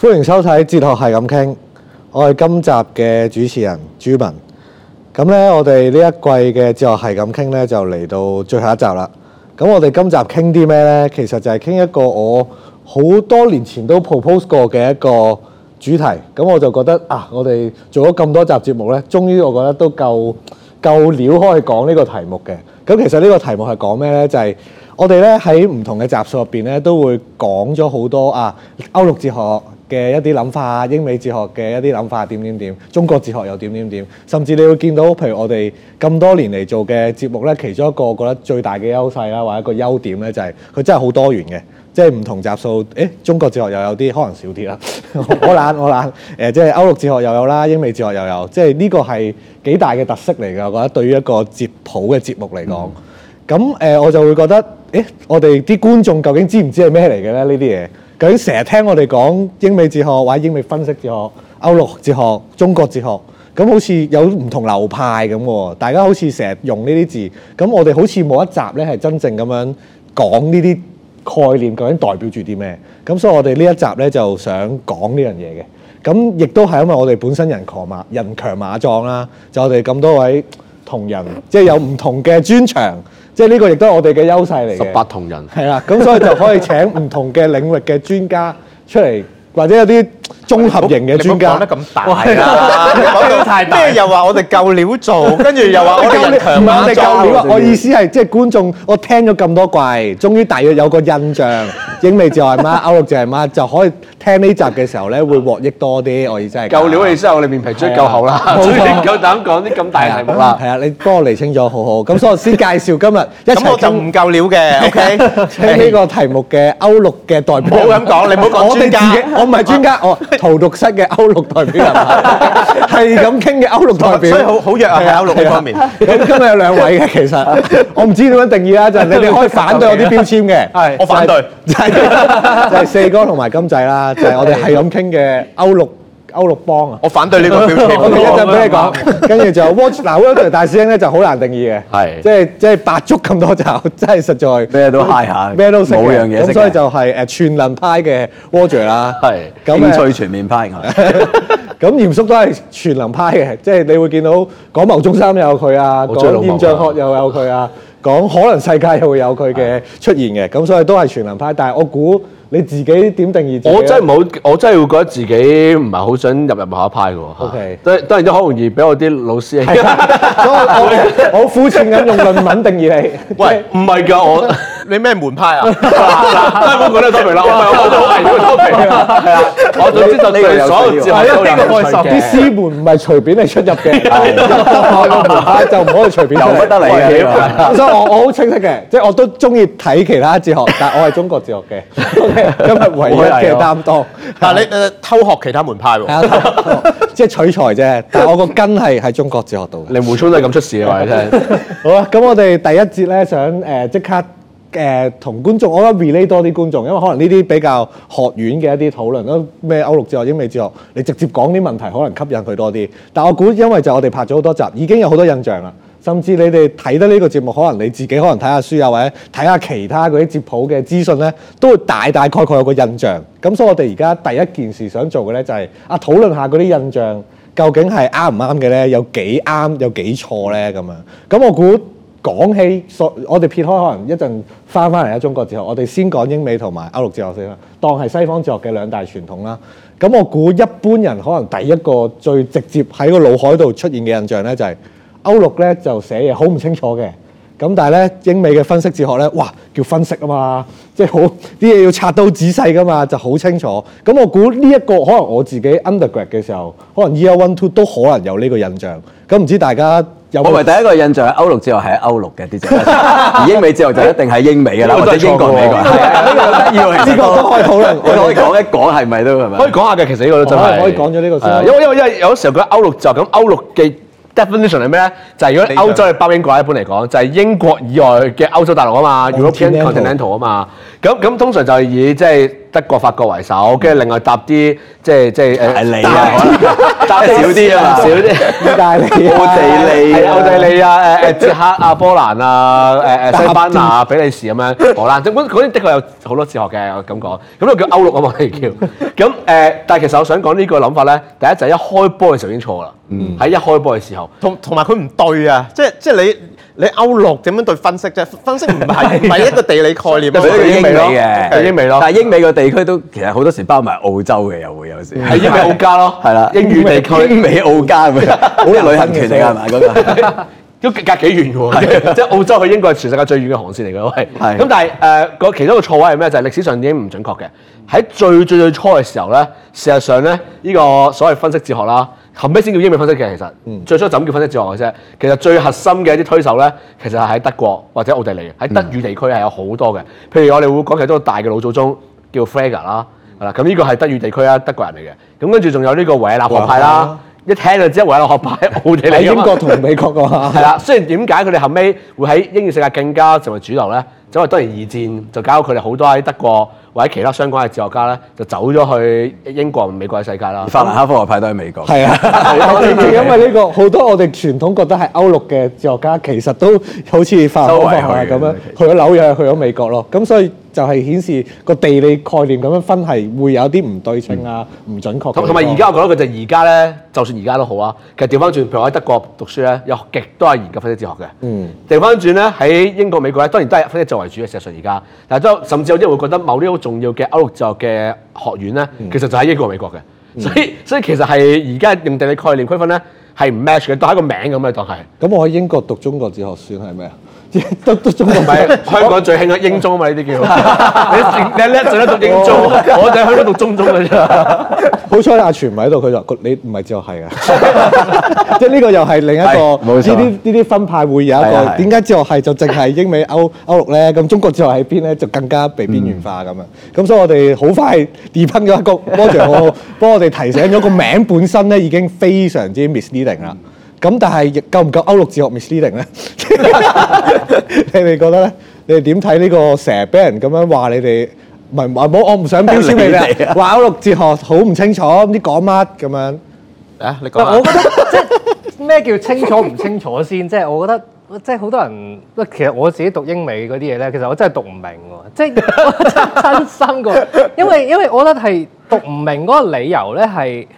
歡迎收睇《哲學係咁傾》，我係今集嘅主持人雋文。咁咧，我哋呢一季嘅《哲學係咁傾》咧就嚟到最後一集啦。咁我哋今集傾啲咩咧？其實就係傾一個我好多年前都 propose 過嘅一個主題。咁我就覺得啊，我哋做咗咁多集節目咧，終於我覺得都夠夠料可以講呢個題目嘅。咁其實呢個題目係講咩咧？就係我哋咧喺唔同嘅集數入邊咧都會講咗好多啊歐陸哲學。嘅一啲諗法，英美哲學嘅一啲諗法，點點點，中國哲學又點點點，甚至你會見到，譬如我哋咁多年嚟做嘅節目咧，其中一個覺得最大嘅優勢啦，或者一個優點咧，就係佢真係好多元嘅，即係唔同集數。誒，中國哲學又有啲，可能少啲啦。我懶，我懶。誒，即係歐陸哲學又有啦，英美哲學又有，即係呢個係幾大嘅特色嚟㗎。我覺得對於一個哲普嘅節目嚟講，咁誒，我就會覺得，誒，我哋啲觀眾究竟知唔知係咩嚟嘅咧？呢啲嘢？佢成日聽我哋講英美哲學或者英美分析哲學、歐陸哲學、中國哲學，咁好似有唔同流派咁喎。大家好似成日用呢啲字，咁我哋好似冇一集咧係真正咁樣講呢啲概念究竟代表住啲咩？咁所以我哋呢一集咧就想講呢樣嘢嘅。咁亦都係因為我哋本身人狂馬人強馬壯啦，就我哋咁多位同仁，即係有唔同嘅專長。 即係呢個亦都係我哋嘅優勢嚟嘅同，十八銅人係啦，咁所以就可以請唔同嘅領域嘅專家出嚟，或者有啲。綜合型嘅專家，講得咁大啊！講得太大，咩又話我哋夠料做，跟住又話我哋強化做。我意思係即係觀眾，我聽咗咁多季，終於大約有個印象，英美就係乜，歐陸就係乜，就可以聽呢集嘅時候咧，會獲益多啲。我意思係夠料，意思係我哋面皮最夠厚啦，冇夠膽講啲咁大題目啦。係啊，你幫我釐清楚，好好。咁所以先介紹今日一齊，咁我就唔夠料嘅，OK。呢個題目嘅歐陸嘅代表，冇咁講，你唔好講專家，我唔係專家，我。荼毒室嘅歐陸代表係咁傾嘅歐陸代表，所以好好弱啊！歐陸方面，咁、啊啊、今日有兩位嘅其實我唔知點樣定義啦，就係、是、你哋可以反對我啲標籤嘅，係我反對就係、是就是就是、四哥同埋金仔啦，就係、是、我哋係咁傾嘅歐陸代表。 歐陸幫啊！我反對呢個標題，我哋一陣俾你講。跟住就 Watch 嗱，Watch 大師兄咧就好難定義嘅，係即係即係百足咁多爪真係實在咩都 high 下，咩都識，冇樣嘢識。咁所以就係誒全能派嘅 Watch 啦，係興趣全面派咁嚴肅都係全能派嘅，即係你會見到講牟宗三又有佢啊，講現象學又有佢啊，講可能世界又會有佢嘅出現嘅，咁所以都係全能派。但係我估。你自己點定義自己的我的？我真係唔我真係會覺得自己唔係好想入入下一派嘅喎。O K，都都係都好容易俾我啲老師影響 好膚淺咁用論文定義你。喂，唔係㗎，我是。我你咩門派啊？嗱，我講得透明啦，我唔係我好危險，係啊。我總之就最所有哲學都係啲師門唔係隨便你出入嘅，門派就唔可以隨便入得嚟嘅。所以我我好清晰嘅，即係我都中意睇其他哲學，但係我係中國哲學嘅，今日唯一嘅擔當。但係你誒偷學其他門派喎，即係取材啫。但係我個根係喺中國哲學度嘅。你胡操都係咁出事嘅話，你真好啊。咁我哋第一節咧，想誒即刻。誒同、呃、觀眾，我覺得 relate 多啲觀眾，因為可能呢啲比較學院嘅一啲討論，咩歐陸哲學、英美哲學，你直接講啲問題，可能吸引佢多啲。但我估，因為就我哋拍咗好多集，已經有好多印象啦。甚至你哋睇得呢個節目，可能你自己可能睇下書啊，或者睇下其他嗰啲接普嘅資訊呢，都會大大概概概有個印象。咁所以我哋而家第一件事想做嘅呢，就係，就係啊討論下嗰啲印象究竟係啱唔啱嘅呢，有幾啱有幾錯呢。咁啊。咁我估。講起所，我哋撇開可能一陣返返嚟喺中國哲學，我哋先講英美同埋歐陸哲學先啦，當係西方哲學嘅兩大傳統啦。咁我估一般人可能第一個最直接喺個腦海度出現嘅印象呢，就係歐陸咧就寫嘢好唔清楚嘅。咁但係呢，英美嘅分析哲學呢，哇叫分析啊嘛，即係好啲嘢要拆到仔細㗎嘛，就好清楚。咁我估呢一個可能我自己 undergrad 嘅時候，可能 year one two 都可能有呢個印象。咁唔知大家？我咪第一個印象，歐陸之外係歐陸嘅啲嘢，而英美之外就一定係英美嘅啦。或者英國美國。我錯喎，呢個又得要，呢個都可以討論。我講一講係咪都係咪？可以講下嘅，其實呢個都真係可以講咗呢個。因為因為因為有時候佢歐陸就咁，歐陸嘅 definition 係咩咧？就係、是、如果歐洲，係北英國一般嚟講就係英國以外嘅歐洲大陸啊嘛，European continental 啊嘛。咁咁通常就係以即係德國、法國為首，跟住另外搭啲，即係即係誒，搭少啲啊少啲意大利、奧地利、奧地利啊，誒誒捷克啊、波蘭啊、誒誒西班牙、啊，比利時咁樣，荷蘭政府嗰啲的確有好多哲學嘅，我咁講，咁呢個叫歐陸啊嘛，係叫，咁誒，但係其實我想講呢個諗法咧，第一就係一開波嘅時候已經錯啦，喺一開波嘅時候，同同埋佢唔對啊，即係即係你。你歐陸點樣對分析啫？分析唔係唔係一個地理概念咯，都係的、啊就是、英美嘅，Okay 但英美咯。但係英美個地區都其實好多時包埋澳洲嘅，又會有時係英美澳加咯，係啦了，英語地區英美澳加咁樣，好多旅行團嚟㗎係咪嗰個？ 都隔幾遠喎，是 即係澳洲去英國係全世界最遠嘅航線嚟嘅，喂是的。咁但係誒，個其中一個錯位係咩？就係、是、歷史上已經唔準確嘅。喺最最最初嘅時候咧，事實上咧，呢、這個所謂分析哲學啦，後尾先叫英美分析嘅，其實最初就咁叫分析哲學嘅啫。其實最核心嘅一啲推手咧，其實係喺德國或者奧地利，喺德語地區係有好多嘅。譬如我哋會講其中一個大嘅老祖宗叫 Frege 啦，係啦，咁呢個係德語地區啊，德國人嚟嘅。咁跟住仲有呢個維也納學派啦。一聽就知，為咗學派喺奧地利，喺英國同美國㗎嘛。係啦， 雖然點解，佢哋後尾會喺英語世界更加成為主流咧，就因為當年二戰就搞到佢哋好多喺德國或者其他相關嘅哲學家咧，就走咗去英國、美國嘅世界啦。法蘭克福學派都喺美國。係啊， 因為呢、呢個好多我哋傳統覺得係歐陸嘅哲學家，其實都好似法國咁樣實去咗紐約，去咗美國咯。咁所以。就係顯示個地理概念咁樣分係會有啲唔對稱啊、唔、嗯、準確。同埋而家我覺得佢就而家咧，就算而家都好啊。其實調翻轉，譬如我喺德國讀書咧，有極多係研究分析哲學嘅。嗯。調翻轉咧，喺英國、美國咧，當然都係分析作為主嘅。事實上而家，但係都甚至有啲人會覺得某啲好重要嘅歐陸哲學嘅學，學院咧，嗯、其實就喺英國、美國嘅。所以、嗯、所以其實係而家用地理概念區分咧，係唔 match 嘅，當係一個名咁嘅，當係。咁我喺英國讀中國哲學算係咩啊？都都中唔係香港最興啊，英中啊嘛，呢啲叫，你你叻上得讀英中，我就去嗰度中中嘅啫。好彩阿全唔喺度，佢就你唔係哲學系啊。即係呢個又係另一個呢啲呢啲分派會有一個，點解哲學系就淨係英美歐歐陸咧？咁中國哲學喺邊咧？就更加被邊緣化咁啊！咁所以我哋好快 debunk 咗一個 model，幫我哋提醒咗個名本身咧已經非常之 misleading 啦。咁但係夠唔夠歐陸哲學 misleading 咧？ 你哋覺得咧？你哋點睇呢個蛇？俾人咁樣話你哋，唔係唔好，我唔想標籤你哋。話歐陸哲學好唔清楚，唔知講乜咁樣。啊，你講。我覺得即係咩叫清楚唔清楚先？即係我覺得即係好多人。其實我自己讀英美嗰啲嘢咧，其實我真係讀唔明喎。即係真，真心個，因為因為我覺得係讀唔明嗰個理由咧係。是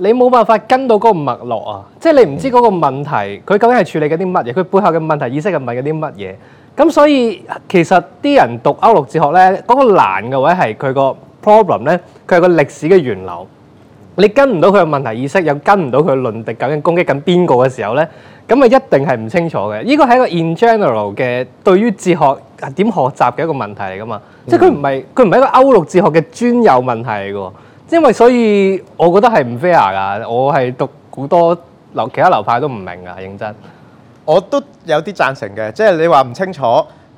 你冇辦法跟到嗰個脈絡啊！即係你唔知嗰個問題，佢究竟係處理緊啲乜嘢？佢背後嘅問題意識係問緊啲乜嘢？咁所以其實啲人讀歐陸哲學咧，嗰個難嘅位係佢個 problem 咧，佢係個歷史嘅源流。你跟唔到佢嘅問題意識，又跟唔到佢嘅論敵究竟攻擊緊邊個嘅時候咧，咁啊一定係唔清楚嘅。呢個係一個 in general 嘅對於哲學點學習嘅一個問題嚟噶嘛？即係佢唔係佢唔係一個歐陸哲學嘅專有問題嚟㗎。因為所以，我覺得係唔 fair 㗎。我係讀好多流其他流派都唔明㗎，認真。我都有啲贊成嘅，即係你話唔清楚，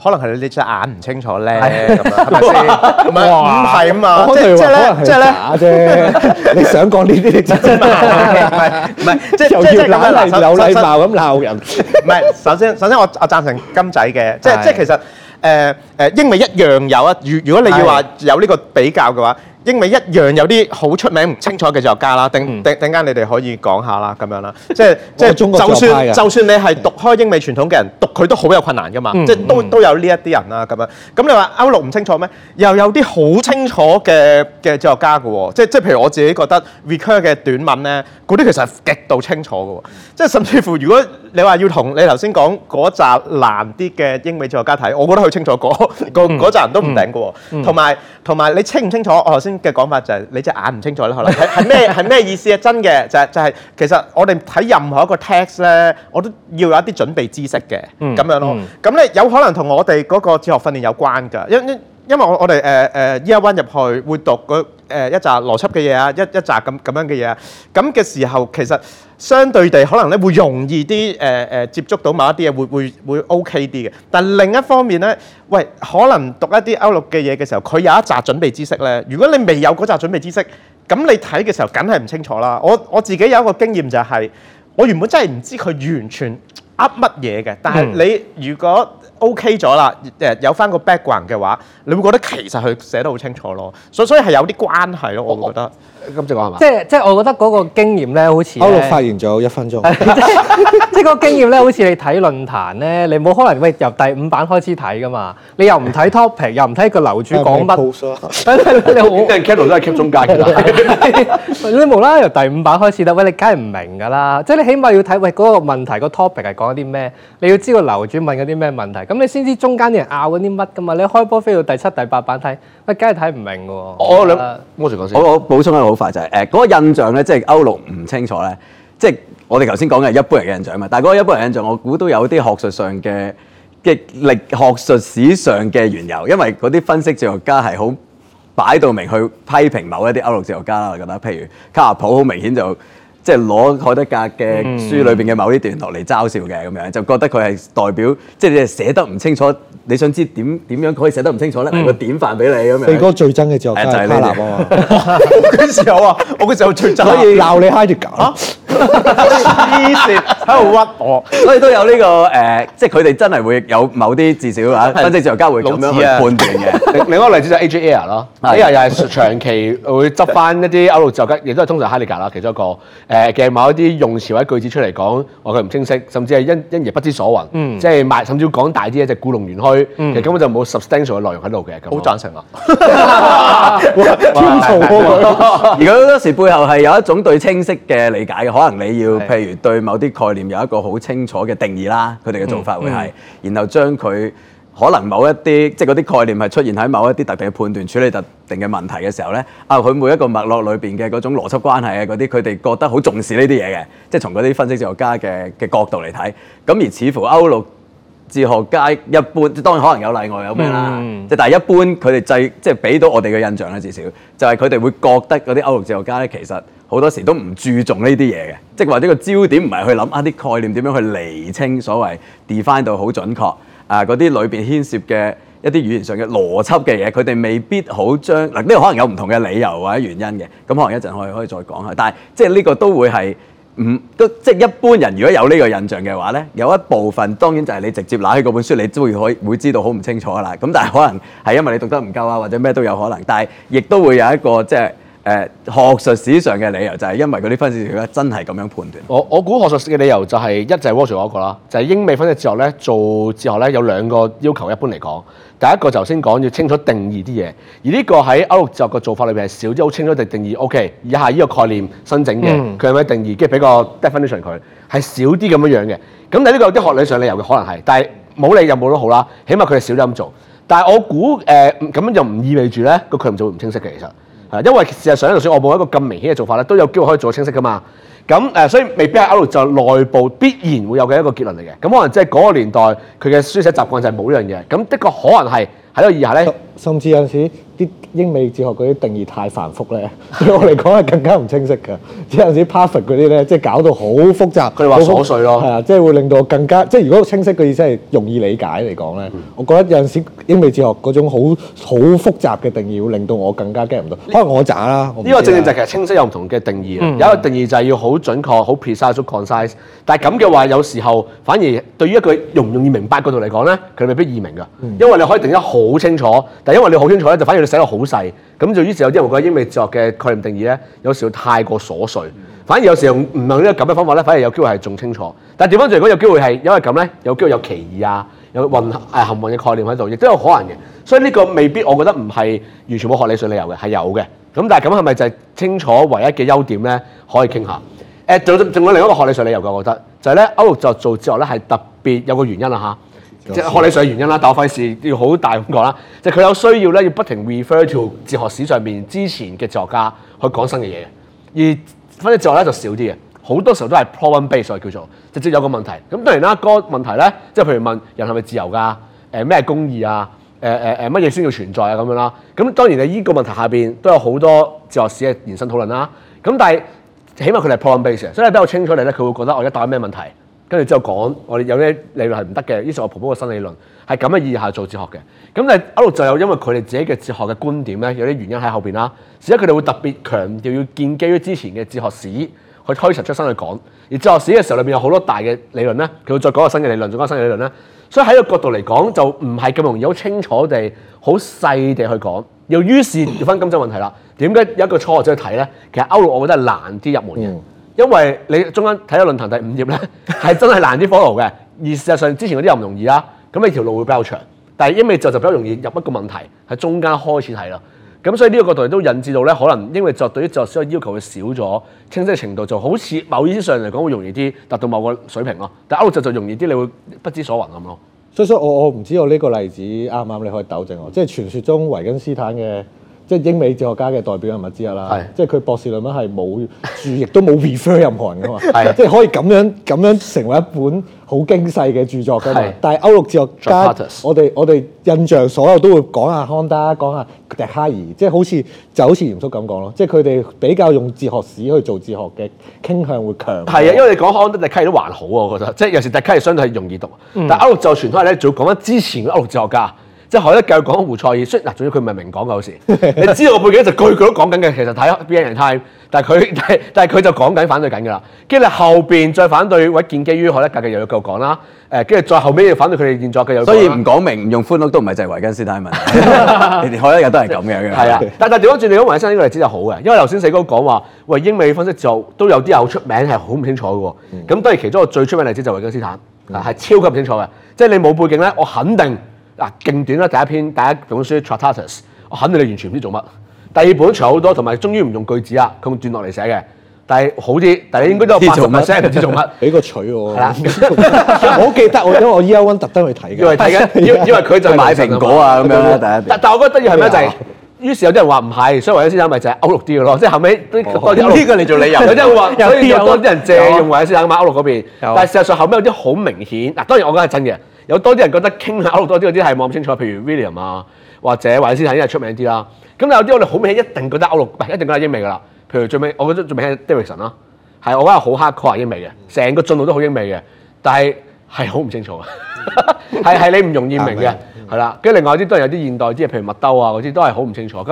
可能係你隻眼唔清楚咧。係咁樣，唔係啊嘛？即係咧，即係你想講呢啲，你真係唔係即係又要禮貌有禮貌咁鬧人。唔係，首先首先，我我贊成金仔嘅，即係即係其實誒誒英美一樣有啊。如如果你要話有呢個比較嘅話。英美一樣有啲好出名、唔清楚嘅作家啦，等等等陣間你哋可以講下啦，咁樣啦，即係 即係，就算就算你係讀開英美傳統嘅人， 讀佢都好有困難㗎嘛， 即係都都有呢一啲人啦，咁樣。咁你話歐陸唔清楚咩？又有啲好清楚嘅嘅作家㗎喎，即係即係譬如我自己覺得 r e c u r 嘅短文咧，嗰啲其實係極度清楚㗎喎，即係甚至乎如果你話要同你頭先講嗰集難啲嘅英美作家睇，我覺得佢清楚嗰集 人都唔頂㗎喎。同埋同埋你清唔清楚我頭先？嘅講法就係你隻眼唔清楚啦，可能係係咩係咩意思啊？真嘅就係就係其實我哋睇任何一個 text 咧，我都要有啲準備知識嘅，咁樣咯。咁咧有可能同我哋嗰個哲學訓練有關噶，因因因為我我哋誒誒 year one 入去會讀嗰。誒一集邏輯嘅嘢啊，一一集咁咁樣嘅嘢啊，咁嘅時候其實相對地可能咧會容易啲誒誒接觸到某一啲嘢會會會 OK 啲嘅。但另一方面咧，喂，可能讀一啲歐陸嘅嘢嘅時候，佢有一集準備知識咧。如果你未有嗰集準備知識，咁你睇嘅時候梗係唔清楚啦。我我自己有一個經驗就係，我原本真係唔知佢完全噏乜嘢嘅，但係你如果，OK 咗啦，誒有返個 background 嘅話，你會不會覺得其實佢寫得好清楚咯，所以所以係有啲關係咯，我覺得、哦。咁、哦、即係話係嘛？即係即係，我覺得嗰個經驗咧，好似歐陸發言咗一分鐘。 即係個經驗咧，好似你睇論壇咧，你冇可能喂由第五版開始睇噶嘛？你又唔睇 topic，又唔睇個樓主講乜？你好你你 Daniel 都係 keep 中間嘅。你無啦由第五版開始啦，喂，你梗係唔明噶啦。即係你起碼要睇喂嗰個問題、個 topic 係講啲咩？你要知個樓主問嗰啲咩問題，咁你先知中間啲人拗嗰啲乜噶嘛？你開波飛到第七、第八版睇，喂，梗係睇唔明㗎。我兩，我先補充一個好快就係誒嗰個印象咧，即係歐陸唔清楚咧。即係我哋頭先講嘅一般人嘅印象啊嘛，但係嗰個一般人嘅印象，我估都有啲學術上嘅嘅歷學術史上嘅緣由，因為嗰啲分析哲學家係好擺到明去批評某一啲歐陸哲學家啦，我覺得，譬如卡納普好明顯就。即係攞海德格嘅書裏邊嘅某啲段落嚟嘲笑嘅咁樣，就覺得佢係代表，即係你係寫得唔清楚。你想知點點樣可以寫得唔清楚咧？我個典範俾你咁樣。四哥最憎嘅時候就係呢啲地方。時候啊，我嘅時候最憎。所以鬧你海德格。啊，黐線，喺度屈我。所以都有呢個誒，即係佢哋真係會有某啲至少啊分析作家會咁樣去判斷嘅。另一個例子就係 A J Ayer 咯，Ayer 又係長期會執翻一啲歐陸作家，亦都係通常海德格啦，其中一個。誒嘅某一啲用詞或者句子出嚟講，話佢唔清晰，甚至係因因而不知所云，嗯、即係賣甚至要講大啲咧，就是、故弄玄虛，嗯、其實根本就冇 substantial 嘅內容喺度嘅。好贊成啊！ 天燥啊！ 而佢好多時背後係有一種對清晰嘅理解嘅，可能你要譬如對某啲概念有一個好清楚嘅定義啦，佢哋嘅做法會係，嗯嗯、然後將佢。可能某一啲即係嗰啲概念係出現喺某一啲特別嘅判斷處理特定嘅問題嘅時候咧，啊佢每一個脈絡裏邊嘅嗰種邏輯關係啊，嗰啲佢哋覺得好重視呢啲嘢嘅，即係從嗰啲分析哲學家嘅嘅角度嚟睇，咁而似乎歐陸哲學家一般，當然可能有例外有咩啦是的，即係但係一般佢哋製即係俾到我哋嘅印象咧，至少就係佢哋會覺得嗰啲歐陸哲學家咧，其實好多時都唔注重呢啲嘢嘅，即係或者個焦點唔係去諗啊啲概念點樣去厘清所謂 define 到好準確。啊！嗰啲裏邊牽涉嘅一啲語言上嘅邏輯嘅嘢，佢哋未必好將嗱，呢個可能有唔同嘅理由或者原因嘅，咁可能一陣可以可以再講下。但係即係呢個都會係唔都即係一般人如果有呢個印象嘅話咧，有一部分當然就係你直接攞起嗰本書，你都會可以會知道好唔清楚啦。咁但係可能係因為你讀得唔夠啊，或者咩都有可能。但係亦都會有一個即係。誒學術史上嘅理由就係因為嗰啲分析師咧真係咁樣判斷我。我我估學術嘅理由就係、是、一就係 Walter 嗰個啦，就係、是、英美分析哲學咧做哲學咧有兩個要求，一般嚟講，第一個就先講要清楚定義啲嘢，而呢個喺歐陸哲學嘅做法裏邊係少啲好清楚定義。O、OK, K. 以下呢個概念新整嘅，佢係咪定義，即係俾個 definition 佢，係少啲咁樣樣嘅。咁你呢個有啲學理上理由嘅可能係，但係冇理又冇得好啦，起碼佢係少啲咁做。但係我估誒咁樣就唔意味住咧個構造會唔清晰嘅其實。因為事實上就算我冇一個咁明顯嘅做法咧，都有機會可以做清晰㗎嘛。咁誒，所以未必係歐陸就內部必然會有嘅一個結論嚟嘅。咁可能即係嗰個年代佢嘅書寫習慣就係冇呢樣嘢。咁的確可能係喺度意義下咧。嗯甚至有陣時啲英美哲學嗰啲定義太繁複咧，對我嚟講係更加唔清晰嘅。有陣時 paraphrase 嗰啲咧，即係搞到好複雜，佢哋話瑣碎咯，係啊爽，對即係會令到我更加即係如果清晰嘅意思係容易理解嚟講咧，我覺得有陣時英美哲學嗰種好好複雜嘅定義會令到我更加 get 唔到。可能我渣啦，呢個正正就其實清晰有唔同嘅定義。嗯、有一個定義就係要好準確、好 precise、嗯、縮 concise、嗯、但係咁嘅話，有時候反而對於一句容唔容易明白嗰度嚟講咧，佢未必易明嘅，因為你可以定得好清楚。但因為你好清楚咧，就反而你寫得好細。咁就於是有啲人會覺得英美哲學嘅概念定義咧，有時候太過瑣碎。反而有時候唔用呢個咁嘅方法咧，反而有機會係仲清楚。但掉返轉如果有機會係因為咁咧，有機會有歧義啊，有運誒含混嘅概念喺度，亦都有可能嘅。所以呢個未必，我覺得唔係完全冇學理上理由嘅，係有嘅。咁但係咁係咪就係清楚唯一嘅優點咧？可以傾下。誒，仲仲有另一個學理上理由，我覺得就係咧，歐陸就做哲學咧，係特別有個原因啊吓。即係學理上嘅原因啦，但係我費事要好大咁講啦。即係佢有需要咧，要不停 refer to 哲學史上面之前嘅作家去講新嘅嘢。而分析哲學咧就少啲嘅，好多時候都係 problem base，叫做直接有個問題。咁當然啦，個問題咧，即係譬如問人係咪自由㗎？誒咩係公義啊？誒誒誒乜嘢先要存在啊？咁樣啦。咁當然啊，呢個問題下邊都有好多哲學史嘅延伸討論啦。咁但係起碼佢係 problem base 嘅，所以比較清楚你咧，佢會覺得我而家答緊咩問題？跟住之後講，我哋有啲理論係唔得嘅，呢個我婆婆嘅新理論，係咁嘅意義下做哲學嘅。咁但係歐陸就有，因為佢哋自己嘅哲學嘅觀點咧，有啲原因喺後邊啦。而且佢哋會特別強調要建基於之前嘅哲學史去推陳出新去講。而哲學史嘅時候裏面有好多大嘅理論咧，佢會再講個新嘅理論，再講新嘅理論咧。所以喺個角度嚟講，就唔係咁容易好清楚地、好細地去講。又於是、嗯、要翻金積問題啦。點解有一個初學者去睇咧？其實歐陸我覺得係難啲入門嘅。嗯因為你中間睇咗論壇第五頁咧，係真係難啲 follow 嘅。而事實上之前嗰啲又唔容易啦，咁你條路會比較長。但係英美就就比較容易入一個問題，喺中間開始睇啦。咁所以呢個角度都引致到咧，可能因為做對於做需要要求會少咗，清晰程度就好似某意思上嚟講會容易啲達到某個水平咯。但係歐陸就容易啲，你會不知所云。咁咯。所以所以我我唔知道呢個例子啱唔啱？你可以糾正我，即係傳説中維根斯坦嘅。即係英美哲學家嘅代表人物之一啦，是即係佢博士論文係冇注，亦都冇 refer 任何人噶嘛，是即係可以咁樣咁樣成為一本好驚世嘅著作㗎嘛。是但係歐陸哲學家，我哋我哋印象所有都會講下康德，講下笛卡爾，即係好似就好似鹽叔咁講咯，即係佢哋比較用哲學史去做哲學嘅傾向會強。係啊，因為你講康德、笛卡爾都還好啊，我覺得，即係尤其笛卡爾相對係容易讀，嗯、但係歐陸就傳統係咧，就要講緊之前嘅歐陸哲學家。即係海德格又講胡塞爾，嗱、啊，總之佢唔係明講嘅事。 你知道我背景就句句都講緊嘅，其實睇《Being and Time》，但係佢但係佢就講緊反對緊㗎啦。跟住你後邊再反對，或者建基於海德格嘅又要繼續講啦。誒、呃，跟住再後尾要反對佢哋現在嘅有。所以唔講明，唔 用歡樂都唔係就係維根斯坦文。 你哋海德格都係咁樣嘅。係啊， 但係調翻轉你講埋一身呢個例子就好嘅，因為頭先四哥講話，喂，英美方式做都有啲有出名係好唔清楚嘅喎。咁當然其中一個最出名例子就係維根斯坦，係、嗯、超級唔清楚嘅，嗯、即係你冇背景咧，我肯定。嗱，勁短啦！第一篇第一本書《Tractatus》我肯定你完全唔知做乜。第二本長好多，同埋終於唔用句子啊，佢用段落嚟寫嘅。但係好啲，但係應該都係八成唔知做乜。俾個取我，好記得我，因為我 Year One 特登去睇嘅。因為大家因因佢就買蘋果啊，咁樣第一。但但係我覺得得意係咩就係，於是有啲人話唔係，所以維根斯坦咪就係歐陸啲嘅咯。即係後尾，有啲。呢個嚟做理由。即係會話，所以多啲人借用維根斯坦歐陸嗰邊。但係事實上後尾有啲好明顯。嗱，當然我覺得係真嘅。有多啲人覺得傾歐陸多啲，嗰啲係冇咁清楚。譬如 William 啊，或者或者先係因為出名啲啦。咁有啲我哋好明顯一定覺得歐陸唔係一定覺得英美噶啦。譬如最尾我覺得最尾係 Davidson 啦，係我覺得好 hardcore 英美嘅，成個進路都好英美嘅，但係係好唔清楚嘅，係係 你唔容易明嘅，係啦。跟住另外啲都係有啲現代啲，譬如麥兜啊嗰啲都係好唔清楚。咁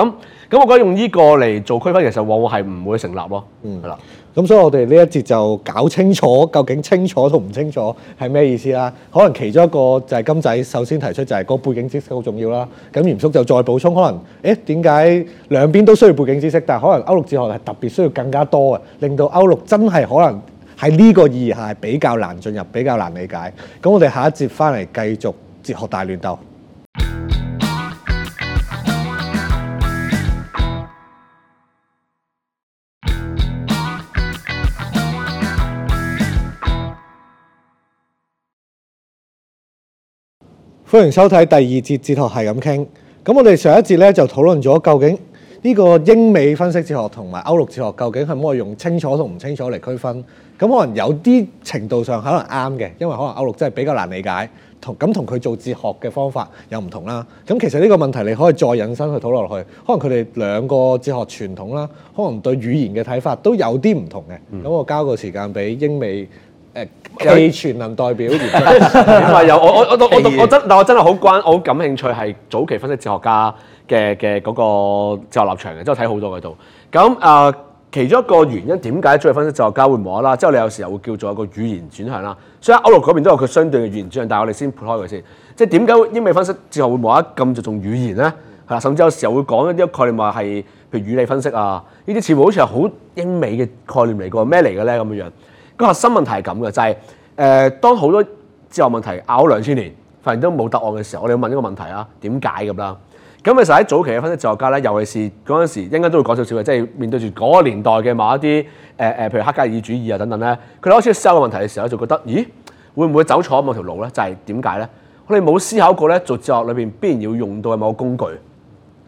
咁我覺得用呢個嚟做區分，其實往往係唔會成立咯，係啦。咁所以我哋呢一節就搞清楚究竟清楚同唔清楚係咩意思啦？可能其中一個就係甘仔首先提出就係個背景知識好重要啦。咁鹽叔就再補充，可能誒點解兩邊都需要背景知識，但係可能歐陸哲學係特別需要更加多嘅，令到歐陸真係可能喺呢個意義下係比較難進入、比較難理解。咁我哋下一節翻嚟繼續哲學大亂鬥。歡迎收睇第二節哲學係咁傾。咁我哋上一節咧就討論咗究竟呢個英美分析哲學同埋歐陸哲學究竟係唔可以用清楚同唔清楚嚟區分？咁可能有啲程度上可能啱嘅，因為可能歐陸真係比較難理解，同咁同佢做哲學嘅方法又唔同啦。咁其實呢個問題你可以再引申去討論落去，可能佢哋兩個哲學傳統啦，可能對語言嘅睇法都有啲唔同嘅。咁我交個時間俾英美。誒，既全能代表， 咁啊！有我我我讀我我真的，但我真係好關，我好感興趣係早期分析哲學家嘅嘅嗰個哲學立場嘅，即係睇好多嘅度。咁啊、呃，其中一個原因點解英美分析哲學家會無啦啦，即、就、係、是、你有時候會叫做一個語言轉向啦。所以歐陸嗰邊都有佢相對嘅語言轉向，但係我哋先撥開佢先。即係點解英美分析哲學會無得咁着重語言咧？係啦，甚至有時候會講一啲概念話係，譬如語理分析啊，呢啲似乎好似係好英美嘅概念嚟㗎，咩嚟嘅咧咁嘅樣。個核心問題係咁嘅，就係、是、誒、呃、當好多哲學問題拗咗兩千年，發現都冇答案嘅時候，我哋要問一個問題啊，點解咁啦？咁其實喺早期嘅分析哲學家咧，尤其是嗰陣時應該都會講少少嘅，即、就、係、是、面對住嗰個年代嘅某一啲誒誒，譬如黑格爾主義啊等等咧，佢哋開始思考嘅問題嘅時候，就覺得咦，會唔會走錯某條路咧？就係點解咧？我哋冇思考過咧，做哲學裏邊必然要用到嘅某個工具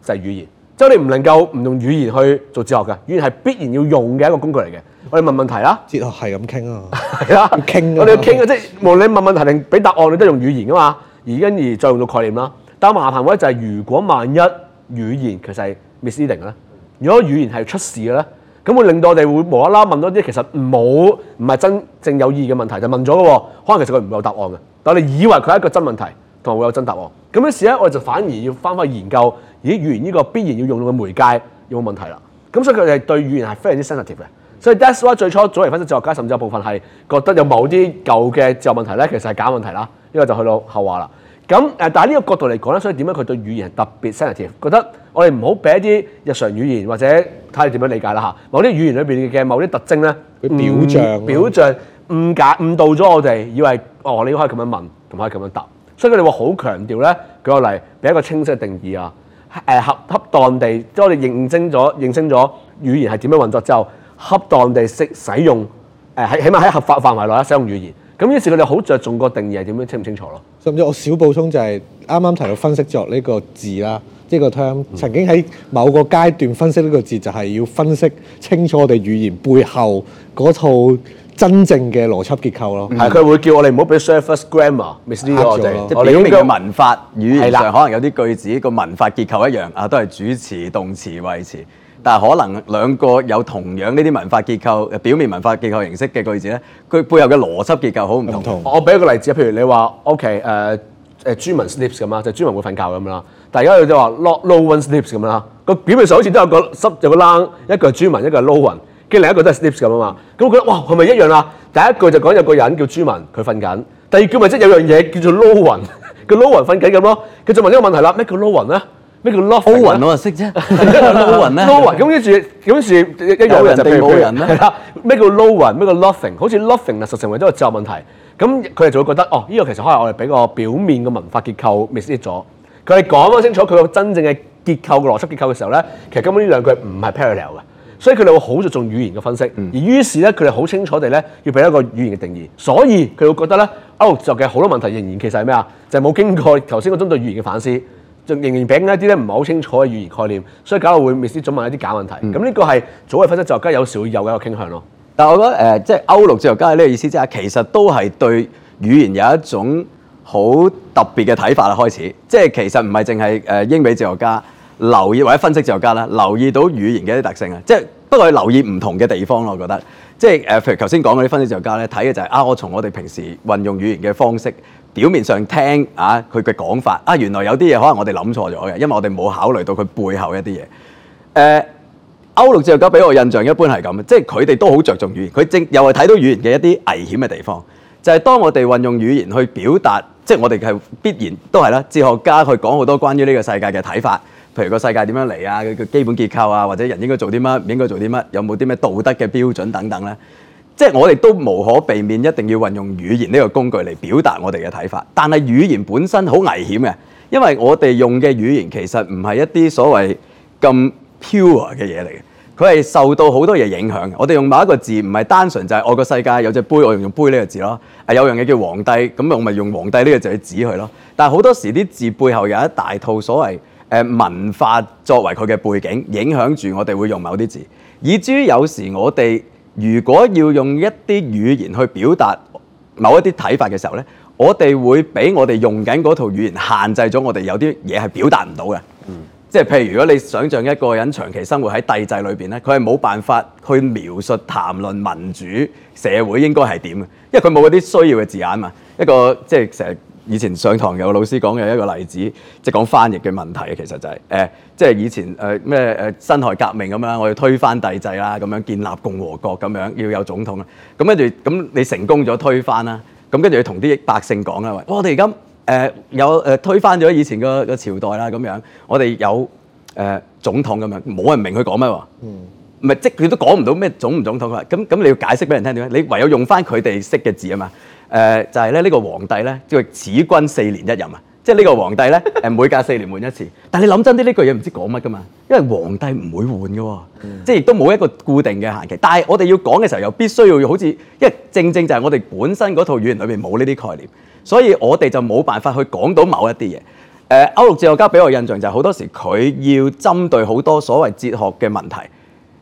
就係、是、語言，即係你唔能夠唔用語言去做哲學嘅，語言係必然要用嘅一個工具嚟嘅。我哋問問題啦，哲學係咁傾啊，係啦 的，傾、啊。我哋要傾嘅即係無論你問問題定俾答案，你都用語言噶嘛，而因而再用到概念啦。但我麻煩位就係、是，如果萬一語言其實係 misleading 咧，如果語言係出事嘅咧，咁會令到我哋會無啦啦問多啲其實冇唔係真正有意義嘅問題，就問咗嘅喎，可能其實佢唔會有答案嘅，但我哋以為佢係一個真問題，同埋會有真答案。咁於是咧，我哋就反而要翻翻研究，咦，語言呢個必然要用到嘅媒介有冇問題啦？咁所以佢哋對語言係非常之 sensitive 嘅。所以 that's why 最初早嚟分析哲學家，甚至有部分係覺得有某啲舊嘅哲學問題咧，其實係假問題啦。呢個就去到後話啦。咁誒，但係呢個角度嚟講咧，所以點解佢對語言係特別 sensitive 覺得我哋唔好俾一啲日常語言或者睇你點樣理解啦嚇。某啲語言裏邊嘅某啲特徵咧，表象表象誤解誤導咗我哋，以為哦，你可以咁樣問，同埋可以咁樣答。所以佢哋話好強調咧，舉個例，俾一個清晰嘅定義啊。誒，合恰當地即係我哋認清咗認清咗語言係點樣運作之後。恰當地識使用，誒喺起碼喺合法範圍內使用語言。咁於是佢哋好着重個定義係點樣清唔清楚咯？甚至我少補充就係、是，啱啱提到分析咗呢個字啦、這個、，term 曾經喺某個階段分析呢個字，就係、是、要分析清楚我哋語言背後嗰套真正嘅邏輯結構咯。係、嗯，佢會叫我哋唔好俾 surface grammar miss 呢個我哋。我哋如果文法語言上可能有啲句子個是的 文法結構一樣啊，都係主詞、動詞、謂詞但係可能兩個有同樣呢啲文化結構，表面文化結構形式嘅句子咧，佢背後嘅邏輯結構好唔同。同我俾一個例子，譬如你話，OK，u 誒朱文 sleeps 咁啦，okay, uh, uh, g slips, 就朱文會瞓覺咁啦。但係而家佢就話，not low one sleeps 咁啦。個表面上好似都有個濕，有個冷，一個 language 一個係朱文，一個係 low one，跟住另一個都係 sleeps 咁啊嘛。咁我覺得哇，係咪一樣啊？第一句就講有個人叫朱文，佢瞓緊。第二句咪即係有樣嘢叫做 low one，個 low one 瞓緊咁咯。佢再問一個問題啦，咩叫 low one 咧？咩叫 low 云，我就識啫，low 云咧。low 云咁於住，於是一有人定冇人咧？係啦，咩叫 low 云？咩叫 loving？好似 loving 嗱，實成為一個哲學問題。咁佢哋就會覺得，哦，呢、這個其實可能我哋俾個表面嘅文化結構 miss 咗。佢哋講得清楚佢個真正嘅結構嘅邏輯結構嘅時候咧，其實根本呢兩句唔係 parallel 嘅。所以佢哋會好着重語言嘅分析。而於是咧，佢哋好清楚地咧要俾一個語言嘅定義。所以佢會覺得咧，歐洲嘅好多問題仍然其實係咩啊？就係、是、冇經過頭先嗰種對語言嘅反思。就仍然掟一啲咧唔係好清楚嘅語言概念，所以搞到會 miss 咗問一啲假問題。咁呢個係早期分析哲學家有時會有嘅一個傾向咯。但係我覺得誒、呃，即係歐陸哲學家呢個意思即係，其實都係對語言有一種好特別嘅睇法啦。開始即係其實唔係淨係誒英美哲學家留意或者分析哲學家啦，留意到語言嘅一啲特性啊。即係不過係留意唔同嘅地方咯。我覺得即係誒、呃，譬如頭先講嗰啲分析哲學家咧，睇嘅就係、是、啊，我從我哋平時運用語言嘅方式。表面上聽啊，佢嘅講法啊，原來有啲嘢可能我哋諗錯咗嘅，因為我哋冇考慮到佢背後一啲嘢。誒、呃，歐陸哲學家俾我印象一般係咁啊，即係佢哋都好着重語言，佢正又係睇到語言嘅一啲危險嘅地方，就係、是、當我哋運用語言去表達，即係我哋係必然都係啦。哲學家去講好多關於呢個世界嘅睇法，譬如個世界點樣嚟啊，佢嘅基本結構啊，或者人應該做啲乜，唔應該做啲乜，有冇啲咩道德嘅標準等等咧。即係我哋都無可避免，一定要運用語言呢個工具嚟表達我哋嘅睇法。但係語言本身好危險嘅，因為我哋用嘅語言其實唔係一啲所謂咁 pure 嘅嘢嚟嘅，佢係受到好多嘢影響嘅。我哋用某一個字唔係單純就係我個世界有隻杯，我用用杯呢個字咯。啊，有一樣嘢叫皇帝，咁我咪用皇帝呢個字去指佢咯。但係好多時啲字背後有一大套所謂誒文化作為佢嘅背景，影響住我哋會用某啲字，以至於有時我哋，如果要用一啲語言去表達某一啲睇法嘅時候呢，我哋會俾我哋用緊嗰套語言限制咗，我哋有啲嘢係表達唔到嘅。嗯，即係譬如如果你想像一個人長期生活喺帝制裏邊呢，佢係冇辦法去描述談論民主社會應該係點嘅，因為佢冇嗰啲需要嘅字眼嘛。一個即係成。以前上堂有老師講嘅一個例子，即係講翻譯嘅問題啊，其實就係、是、誒、呃，即係以前誒咩誒辛亥革命咁樣，我要推翻帝制啦，咁樣建立共和國咁樣要有總統啦。咁跟住咁你成功咗推翻啦，咁跟住要同啲百姓講啦，喂，我哋而家誒有誒、呃、推翻咗以前個個朝代啦，咁樣我哋有誒、呃、總統咁樣，冇人明佢講咩喎。嗯。唔係即佢都講唔到咩總唔總統啦。咁咁你要解釋俾人聽點咧？你唯有用翻佢哋識嘅字啊嘛。誒、呃、就係咧，呢個皇帝咧，即係指君四年一任啊，即係呢個皇帝咧，誒每隔四年換一次。但係你諗真啲，呢句嘢唔知講乜㗎嘛？因為皇帝唔會換㗎喎，即係亦都冇一個固定嘅限期。但係我哋要講嘅時候，又必須要好似，因為正正就係我哋本身嗰套語言裏面冇呢啲概念，所以我哋就冇辦法去講到某一啲嘢。誒、呃、歐陸哲學家俾我印象就係、是、好多時佢要針對好多所謂哲學嘅問題，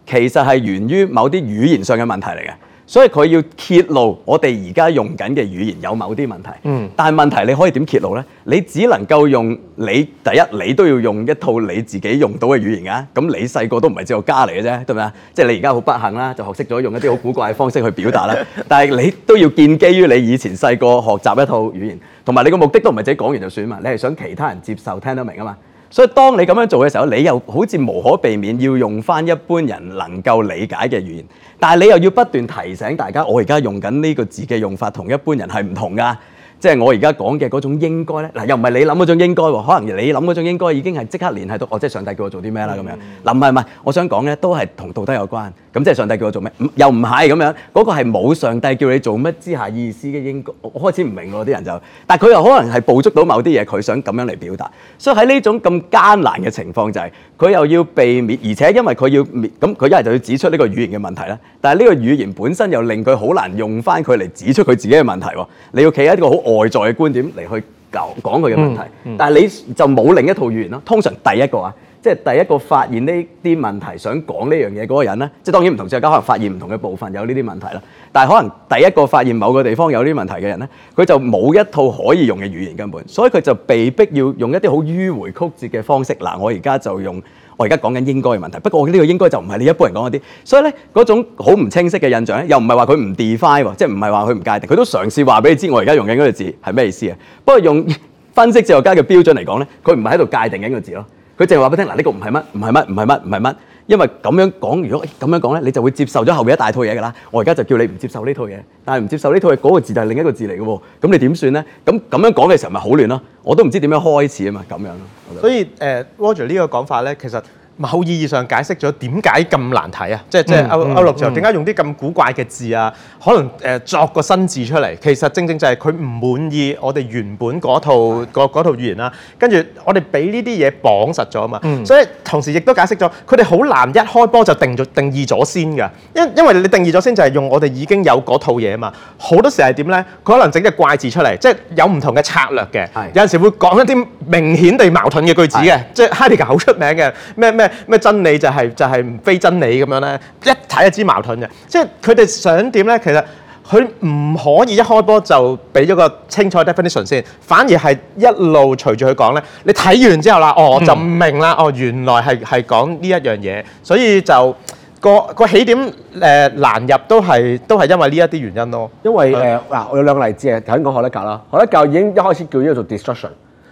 其實係源於某啲語言上嘅問題嚟嘅。所以佢要揭露我哋而家用緊嘅語言有某啲問題，嗯，但係問題你可以點揭露呢？你只能夠用你第一，你都要用一套你自己用到嘅語言啊。咁你細個都唔係哲學家嚟嘅啫，對咪？即係你而家好不幸啦，就學識咗用一啲好古怪嘅方式去表達啦。 但係，你都要建基於你以前細個學習一套語言，同埋你嘅目的都唔係自己講完就算嘛，你係想其他人接受聽得明啊嘛。所以當你咁樣做嘅時候，你又好似無可避免要用返一般人能夠理解嘅語言，但係你又要不斷提醒大家，我而家用緊呢個字嘅用法同一般人係唔同㗎。即係我而家講嘅嗰種應該咧，嗱又唔係你諗嗰種應該喎，可能你諗嗰種應該已經係即刻聯繫到，哦即係上帝叫我做啲咩啦咁樣。嗱唔係唔係，我想講咧都係同道德有關，咁即係上帝叫我做咩？又唔係咁樣，嗰個係冇上帝叫你做乜之下意思嘅應該。我開始唔明喎啲人就，但係佢又可能係捕捉到某啲嘢，佢想咁樣嚟表達。所以喺呢種咁艱難嘅情況就係，佢又要避免，而且因為佢要咁佢一係就要指出呢個語言嘅問題啦。但係呢個語言本身又令佢好難用返佢嚟指出佢自己嘅問題喎。你要企喺一個好外在嘅觀點嚟去講佢嘅問題，嗯嗯、但係你就冇另一套語言咯。通常第一個啊，即係第一個發現呢啲問題想講呢樣嘢嗰個人呢，即係當然唔同專家可能發現唔同嘅部分有呢啲問題啦。但係可能第一個發現某個地方有呢啲問題嘅人呢，佢就冇一套可以用嘅語言根本，所以佢就被逼要用一啲好迂迴曲折嘅方式。嗱、啊，我而家就用。我而家講緊應該嘅問題，不過我呢個應該就唔係你一般人講嗰啲，所以咧嗰種好唔清晰嘅印象咧，又唔係話佢唔 define，即係唔係話佢唔界定，佢都嘗試話俾你知，我而家用緊嗰個字係咩意思嘅。不過用分析哲學家嘅標準嚟講咧，佢唔係喺度界定緊嗰個字咯，佢淨係話俾你聽，嗱，呢個唔係乜，唔係乜，唔係乜，唔係乜。因為咁樣講，如果咁樣講咧，你就會接受咗後面一大套嘢㗎啦。我而家就叫你唔接受呢套嘢，但係唔接受呢套嘢嗰個字就係另一個字嚟嘅喎。咁你點算咧？咁咁樣講嘅時候咪好亂咯。我都唔知點樣開始啊嘛，咁樣咯。所以誒，Roger 呢個講法咧，其實～某意義上解釋咗點解咁難睇啊！即係即係歐歐陸就點解用啲咁古怪嘅字啊？可能誒、呃、作個新字出嚟，其實正正就係佢唔滿意我哋原本嗰套是的 嗰嗰套語言啦。跟住我哋俾呢啲嘢綁實咗嘛，是的 所以同時亦都解釋咗佢哋好難一開波就定咗定義咗先嘅。因因為你定義咗先就係用我哋已經有嗰套嘢嘛。好多時係點咧？佢可能整隻怪字出嚟，即係有唔同嘅策略嘅。是的 有陣時會講一啲明顯地矛盾嘅句子嘅。是的 即係 Heidegger 好出名嘅咩咩。咩真理就係就係唔非真理咁樣咧？一睇就知矛盾嘅，即係佢哋想點咧？其實佢唔可以一開波就俾咗個清楚 definition 先，反而係一路隨住佢講咧。你睇完之後啦，哦就唔明啦，哦原來係係講呢一樣嘢，所以就個個起點誒難入都係都係因為呢一啲原因咯。因為誒我，有兩個例子係頭先講海德格啦，海德格已經一開始叫呢個做 destruction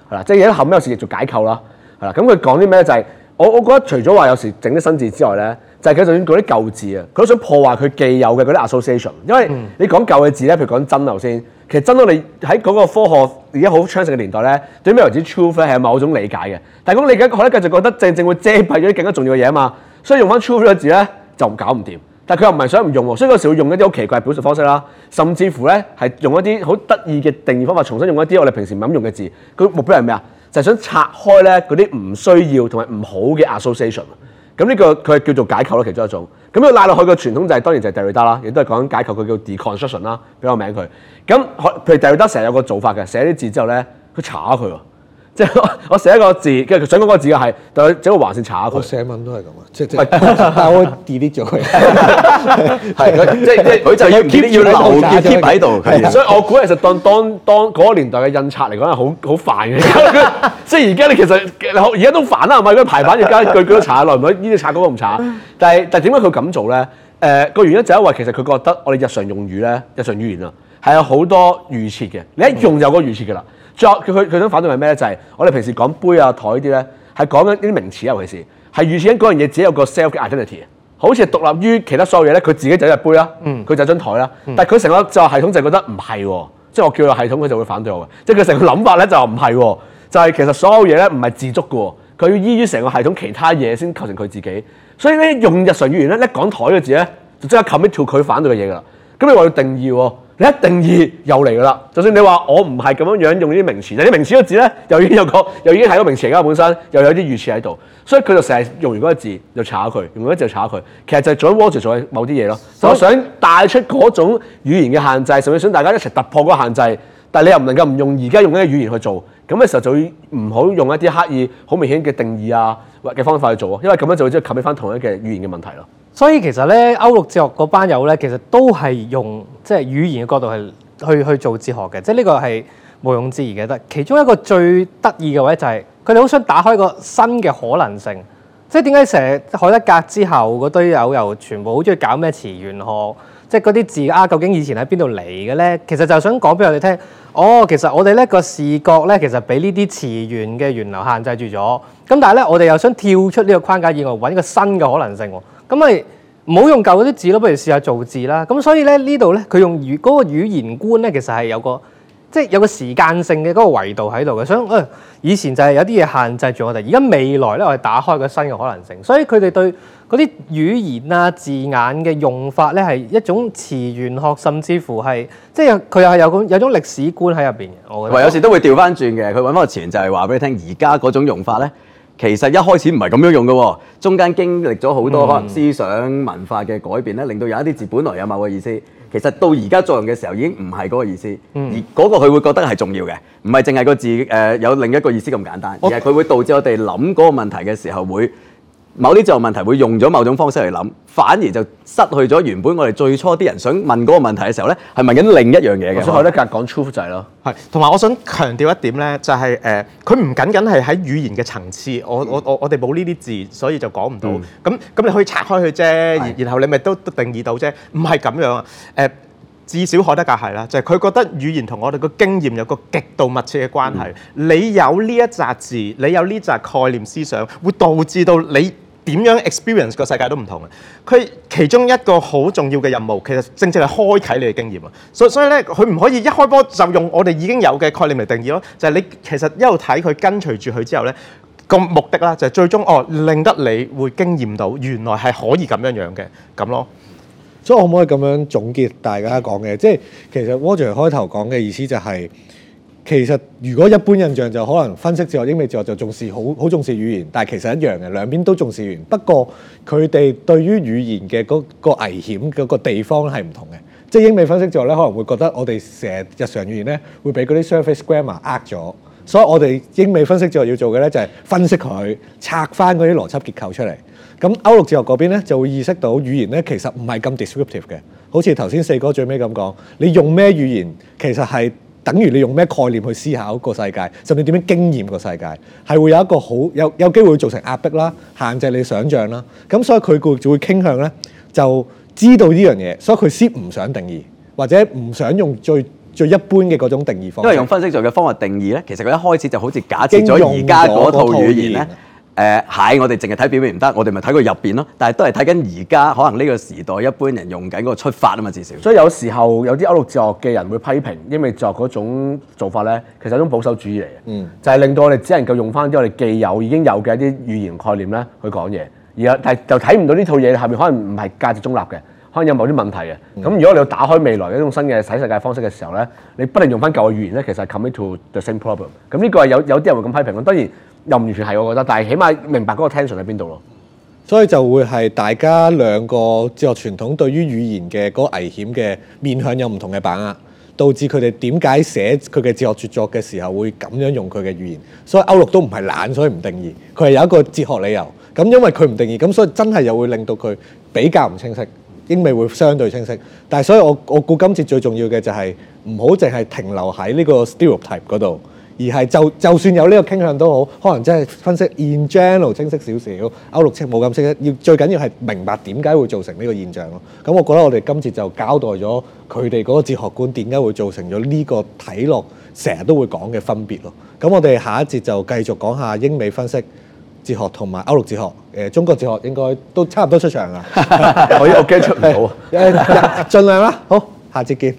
係啦，即係喺後尾有時亦做解構啦係啦。咁佢講啲咩就係？我我覺得除咗話有時整啲新字之外咧，就係、是、佢就算嗰啲舊字啊，佢都想破壞佢既有嘅嗰啲 association。因為你講舊嘅字咧，譬如講真流先，其實真到你喺嗰個科學而家好昌盛嘅年代咧，對咩嚟之 truth 咧係有某種理解嘅。但係咁你而家可能繼續覺得正正會遮蔽咗啲更加重要嘅嘢啊嘛，所以用翻 truth 呢個字咧就唔搞唔掂。但係佢又唔係想唔用喎，所以嗰時候會用一啲好奇怪嘅表述方式啦，甚至乎咧係用一啲好得意嘅定義方法重新用一啲我哋平時唔敢用嘅字。佢目標係咩啊？就係想拆開咧嗰啲唔需要同埋唔好嘅 association，咁呢個佢係叫做解構啦，其中一種。咁佢拉落去嘅傳統就係當然就係德里達啦，亦都係講解構，佢叫 deconstruction 啦，俾個名佢。咁佢譬如德里達成日有個做法嘅，寫啲字之後咧，佢查佢喎。即係我寫一個字，跟住佢想講個字嘅係，但係整個橫線查下佢。我寫文都係咁啊，即係即係是，但係我 delete 咗佢。係，即係佢就要 keep 要留 keep 喺度。所以我估其實當當當嗰個年代嘅印刷嚟講係好好煩嘅。 即係而家你其實而家都煩啦，唔係佢排版要加句句查下耐唔耐？呢啲查嗰個唔查。但係但係點解佢咁做咧？誒，個原因就係因為其實佢覺得我哋日常用語咧，日常語言啊，係有好多預設嘅。你一用就嗰個預設嘅啦。嗯佢佢想反對係咩咧？就係、是、我哋平時講杯啊、台啲咧，係講緊呢啲名詞啊，尤其是係預設緊嗰樣嘢，自己有個 self identity，好似係獨立於其他所有嘢咧。佢自己就係杯啦，佢、嗯、就係張台啦。嗯、但係佢成個就係系統就覺得唔係喎，即係、嗯、我叫個系統，佢就會反對我嘅。即係佢成個諗法咧就唔係喎，就係、是就是、其實所有嘢咧唔係自足嘅，佢要依於成個系統其他嘢先構成佢自己。所以咧，用日常語言咧，一講台個字咧，就即刻 commit to 佢反對嘅嘢㗎啦。咁你話要定義喎？你一定義又嚟噶啦！就算你話我唔係咁樣樣用呢啲名詞，但啲名詞個字咧，又已經有個，又已經係個名詞而家本身，又有啲預設喺度，所以佢就成日用完嗰個字又查佢，用完一隻查佢，其實就係做咗 watch 做某啲嘢咯。所以我想帶出嗰種語言嘅限制，甚至想大家一齊突破嗰個限制，但你又唔能夠唔用而家用呢個語言去做，咁嘅時候就唔好用一啲刻意好明顯嘅定義啊或嘅方法去做啊，因為咁樣就會即係冚翻同一嘅語言嘅問題咯。所以其實咧，歐陸哲學嗰班友咧，其實都係用即係語言嘅角度係去去做哲學嘅，即係呢個係毋庸置疑嘅得。其中一個最得意嘅位就係佢哋好想打開一個新嘅可能性。即係點解成日海德格之後嗰堆友又全部好中意搞咩詞源學？即係嗰啲字啊，究竟以前喺邊度嚟嘅咧？其實就想講俾我哋聽。哦，其實我哋咧個視覺咧，其實俾呢啲詞源嘅源流限制住咗。咁但係咧，我哋又想跳出呢個框架以外，搵一個新嘅可能性。咁咪唔好用舊嗰啲字咯，不如試下造字啦。咁所以咧，呢度咧，佢用嗰個語言觀咧，其實係有個即係有個時間性嘅嗰個維度喺度嘅。所以誒，以前就係有啲嘢限制住我哋，而家未來咧，我哋打開個新嘅可能性。所以佢哋對嗰啲語言啊字眼嘅用法咧，係一種詞源學，甚至乎係即係佢又係有個，有種有種歷史觀喺入邊嘅。我覺得，我有時都會調翻轉嘅，佢揾翻個詞源就係話俾你聽，而家嗰種用法咧。其實一開始唔係咁樣用嘅，中間經歷咗好多可能思想文化嘅改變咧，嗯、令到有一啲字本來有某個意思，其實到而家作用嘅時候已經唔係嗰個意思，嗯、而嗰個佢會覺得係重要嘅，唔係淨係個字誒、呃、有另一個意思咁簡單，而係佢會導致我哋諗嗰個問題嘅時候會。某啲就問題會用咗某種方式嚟諗，反而就失去咗原本我哋最初啲人想問嗰個問題嘅時候咧，係問緊另一樣嘢嘅。我想海德格講 truth 咯，係，同埋我想強調一點咧，就係、是、誒，佢、呃、唔僅僅係喺語言嘅層次，我我我我哋冇呢啲字，所以就講唔到。咁咁、嗯、你可以拆開佢啫，然後你咪都都定義到啫，唔係咁樣啊，誒、呃。至少海德格係啦，就係、是、佢覺得語言同我哋個經驗有個極度密切嘅關係。嗯、你有呢一紮字，你有呢紮概念思想，會導致到你點樣 experience 個世界都唔同啊！佢其中一個好重要嘅任務，其實正正係開啟你嘅經驗啊！所所以咧，佢唔可以一開波就用我哋已經有嘅概念嚟定義咯。就係、是、你其實一路睇佢跟隨住佢之後咧，個目的啦，就係最終哦，令得你會經驗到原來係可以咁樣樣嘅咁咯。所以我可唔可以咁樣總結大家講嘅？即係其實 Roger 開頭講嘅意思就係，其實如果一般印象就可能分析哲學、英美哲學就重視好好重視語言，但係其實一樣嘅，兩邊都重視語言。不過佢哋對於語言嘅嗰個危險嗰個地方係唔同嘅。即係英美分析哲學咧，可能會覺得我哋成日日常語言咧會俾嗰啲 surface grammar 呃咗，所以我哋英美分析哲學要做嘅咧就係分析佢拆翻嗰啲邏輯結構出嚟。咁歐陸哲學嗰邊咧，就會意識到語言咧其實唔係咁 descriptive 嘅，好似頭先四哥最尾咁講，你用咩語言，其實係等於你用咩概念去思考個世界，甚至點樣經驗個世界，係會有一個好有有機會造成壓迫啦、限制你想象啦。咁所以佢個就會傾向咧，就知道呢樣嘢，所以佢先唔想定義，或者唔想用最最一般嘅嗰種定義方法。因為用分析上嘅方法定義咧，其實佢一開始就好似假設咗而家嗰套語言咧。誒蟹、嗯，我哋淨係睇表面唔得，我哋咪睇佢入邊咯。但係都係睇緊而家可能呢個時代一般人用緊嗰個出發啊嘛，至少。所以有時候有啲歐陸哲學嘅人會批評英美哲學嗰種做法咧，其實係一種保守主義嚟嘅，嗯、就係令到我哋只能夠用翻啲我哋既有已經有嘅一啲語言概念咧去講嘢。而但係就睇唔到呢套嘢下面可能唔係價值中立嘅，可能有某啲問題嘅。咁、嗯、如果你要打開未來一種新嘅睇世界方式嘅時候咧，你不斷用翻舊嘅語言咧，其實 commit to the same problem。咁呢個係有有啲人會咁批評咯。當然。又唔完全係我覺得，但係起碼明白嗰個 tension 喺邊度咯。所以就會係大家兩個哲學傳統對於語言嘅嗰個危險嘅面向有唔同嘅把握，導致佢哋點解寫佢嘅哲學著作嘅時候會咁樣用佢嘅語言。所以歐陸都唔係懶，所以唔定義，佢係有一個哲學理由。咁因為佢唔定義，咁所以真係又會令到佢比較唔清晰。英美會相對清晰，但係所以我我估今次最重要嘅就係唔好淨係停留喺呢個 stereotype 嗰度。而係就就算有呢個傾向都好，可能真係分析 in general 清晰少少，歐陸清冇咁清晰。要最緊要係明白點解會造成呢個現象咯。咁我覺得我哋今次就交代咗佢哋嗰個哲學觀點，點解會造成咗呢個睇落成日都會講嘅分別咯。咁我哋下一節就繼續講下英美分析哲學同埋歐陸哲學。誒，中國哲學應該都差唔多出場啦。我驚出唔到，盡量啦。好，下節見。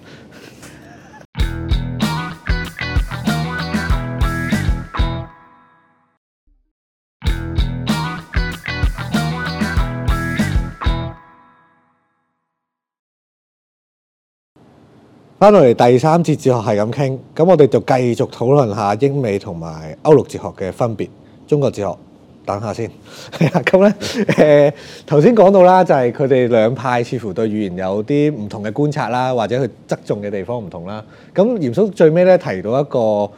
翻到嚟第三節哲學，係咁傾。咁我哋就繼續討論下英美同埋歐陸哲學嘅分別。中國哲學，等下先。咁 咧呢，誒頭先講到啦，就係佢哋兩派似乎對語言有啲唔同嘅觀察啦，或者佢側重嘅地方唔同啦。咁鹽叔最尾咧提到一個，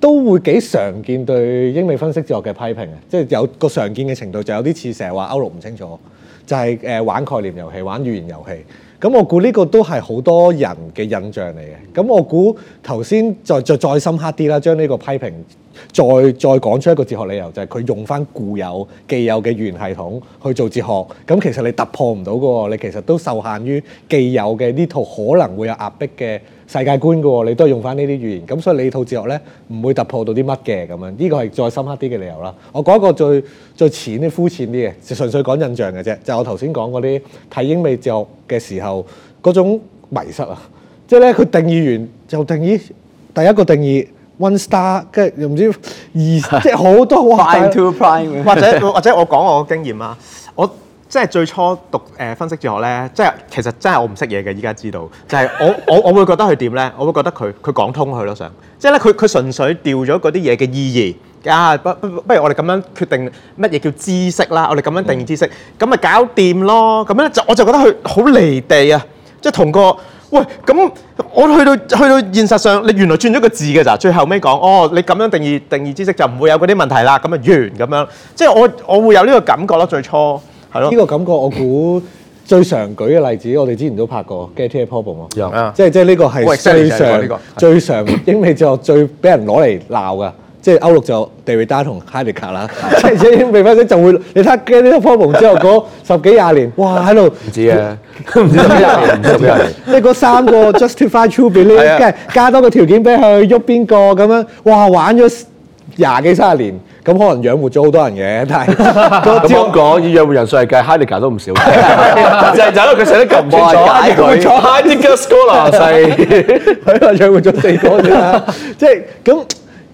都會幾常見對英美分析哲學嘅批評即係、就是、有個常見嘅程度，就有啲似成日話歐陸唔清楚，就係、是、玩概念遊戲、玩語言遊戲。咁我估呢個都係好多人嘅印象嚟嘅。咁我估頭先再再再深刻啲啦，將呢個批評再再講出一個哲學理由，就係佢用翻固有既有嘅語言系統去做哲學，咁其實你突破唔到嘅喎，你其實都受限於既有嘅呢套可能會有壓迫嘅世界觀嘅喎，你都係用翻呢啲語言，咁所以你套哲學咧唔會突破到啲乜嘅咁樣，呢個係再深刻啲嘅理由啦。我講一個最最淺啲、膚淺啲嘅，就純粹講印象嘅啫。就我頭先講嗰啲睇英美哲學嘅時候嗰種迷失啊，即係咧佢定義完就定義第一個定義 one star，跟住又唔知二即係好多哇，prime to prime，或者或者我講我嘅經驗啊，我。即係最初讀誒分析哲學咧，即係其實真係我唔識嘢嘅。依家知道就係、是、我我我會覺得佢點咧？我會覺得佢佢講通佢咯，上即係咧佢佢純粹掉咗嗰啲嘢嘅意義啊！不不，不如我哋咁樣決定乜嘢叫知識啦？我哋咁樣定義知識咁咪、嗯、搞掂咯？咁樣就我就覺得佢好離地啊！即係同個喂咁我去到去到現實上，你原來轉咗個字㗎咋？最後尾講哦，你咁樣定義定義知識就唔會有嗰啲問題啦。咁啊完咁樣，即係我我會有呢個感覺咯。最初。呢個感覺我估最常舉嘅例子，我哋之前都拍過 Gettier Problem 即係即係呢個係最常、最常、英美之後最俾人攞嚟鬧噶，即係歐陸就 Derrida 同 Heidegger 啦，即係英美嗰者就會，你睇 Gettier Problem 之後嗰十幾廿年，哇喺度唔知啊，唔知幾廿年，唔知幾廿年，即係三個 Justified True Belief 加多個條件俾佢喐邊個咁樣，哇玩咗廿幾三十年。咁可能養活咗好多人嘅，但係咁講，要養活人數係計 Heligah 都唔少， 就係就係咯，佢成得都撳錯，撳錯 Heligah scholar，係喺度養活咗四個啫 即係咁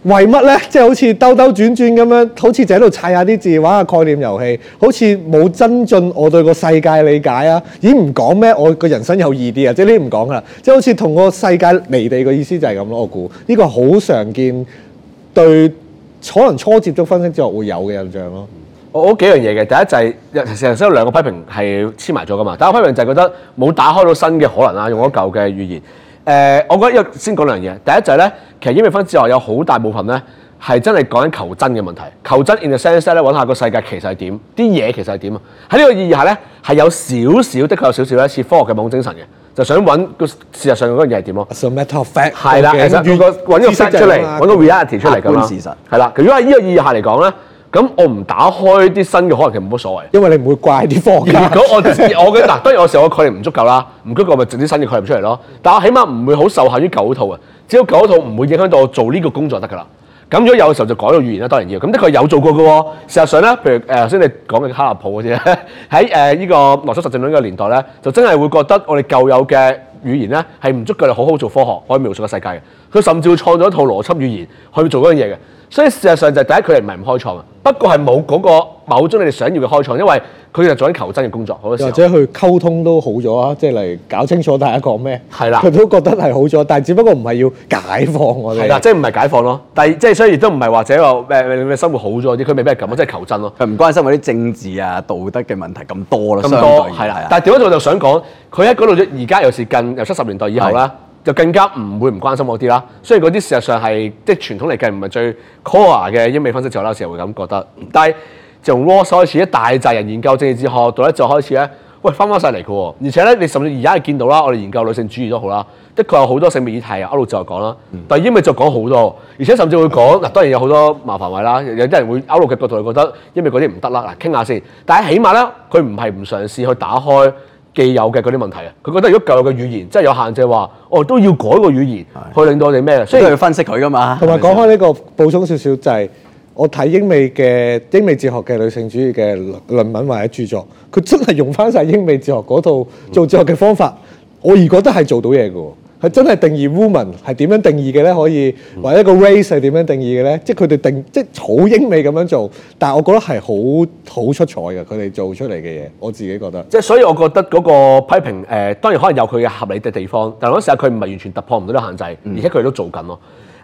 為乜咧？即係好似兜兜轉轉咁樣，好似就喺度踩下啲字畫，下概念遊戲，好似冇增進我對個世界理解啊！咦唔講咩？我個人生有意啲啊！即係呢啲唔講啦，即係好似同個世界離地嘅意思就係咁咯。我估呢、這個好常見對可能初接咗分析之後會有嘅印象咯、嗯。我有幾樣嘢嘅，第一就係成日收到兩個批評係黐埋咗噶嘛。第一個批評就係覺得冇打開到新嘅可能啦，用咗舊嘅語言。誒、呃，我覺得一先講兩樣嘢。第一就係、是、咧，其實英美分之外，有好大部分咧係真係講緊求真嘅問題。求真 in the sense 咧，揾下個世界其實係點，啲嘢其實係點啊。喺呢個意義下咧，係有少少的確有少少似科學嘅某種精神嘅。就想揾事實上嗰樣嘢係點咯 So matter of fact，係啦的，原其實如果揾個 fact 出嚟來，揾個、啊、reality 出嚟㗎嘛，係啦、啊。如果喺呢個意義下嚟講咧，咁我唔打開啲新嘅可能，其實冇乜所謂。因為你唔會怪啲科技。如果我我嗱， 當然我成個概念唔足夠啦，唔足夠我咪整啲新嘅概念出嚟咯。但係我起碼唔會好受限於舊套啊，只要舊套唔會影響到我做呢個工作得㗎啦。咁如果有時候就改到語言啦，當然要咁。的確有做過嘅喎。事實上咧，譬如誒頭先、呃、你講緊卡納普嗰啲喺呢個邏輯實證論呢個年代咧，就真係會覺得我哋舊有嘅語言咧係唔足夠嚟好好做科學，可以描述個世界嘅。佢甚至會創造一套邏輯語言去做嗰樣嘢嘅。所以事實上就第一佢哋唔係唔開創啊，不過係冇嗰個某種你哋想要嘅開創，因為佢哋就做緊求真嘅工作。好，或者佢溝通都好咗啊，即係嚟搞清楚大家講咩，係啦的，佢都覺得係好咗，但係只不過唔係要解放我哋。係啦的，即係唔係解放咯？第即係雖然都唔係或者話咩生活好咗啲，佢未必係咁即係求真咯。佢唔關心嗰啲政治啊道德嘅問題咁多啦，相對係啦。但係點解我就想講，佢喺嗰度而家又是近又七十年代以後啦。就更加唔會唔關心嗰啲啦。所以嗰啲事實上係即係傳統嚟計唔係最 core 嘅英美分析做啦，有時候會咁覺得。但係就從 Rawls 開始，一大扎人研究政治哲學度咧，就開始咧，喂翻返晒嚟㗎喎。而且咧，你甚至而家係見到啦，我哋研究女性主義都好啦，的確有好多性別議題啊。歐陸就講啦，但係英美就講好多，而且甚至會講嗱，當然有好多麻煩位啦。有啲人會歐陸嘅角度去覺得英美嗰啲唔得啦。嗱，傾下先。但係起碼咧，佢唔係唔嘗試去打開，既有嘅嗰啲問題啊，佢覺得如果舊有嘅語言即係有限制說，話、哦、我都要改個語言，的去令到我哋咩？所以佢要分析佢㗎嘛。同埋講開呢個一點點，補充少少就係、是、我睇英美嘅英美哲學嘅女性主義嘅論文或者著作，佢真係用返晒英美哲學嗰套做哲學嘅方法，嗯、我而覺得係做到嘢嘅。佢真係定義 woman 係點樣定義嘅咧？可以或者一個 race 係點樣定義嘅咧？即係佢哋定即係好英美咁樣做，但係我覺得係好好出彩嘅，佢哋做出嚟嘅嘢，我自己覺得。即係所以，我覺得嗰個批評誒、呃，當然可能有佢嘅合理嘅地方，但係嗰時佢唔係完全突破唔到啲限制，嗯、而且佢哋都做緊咯。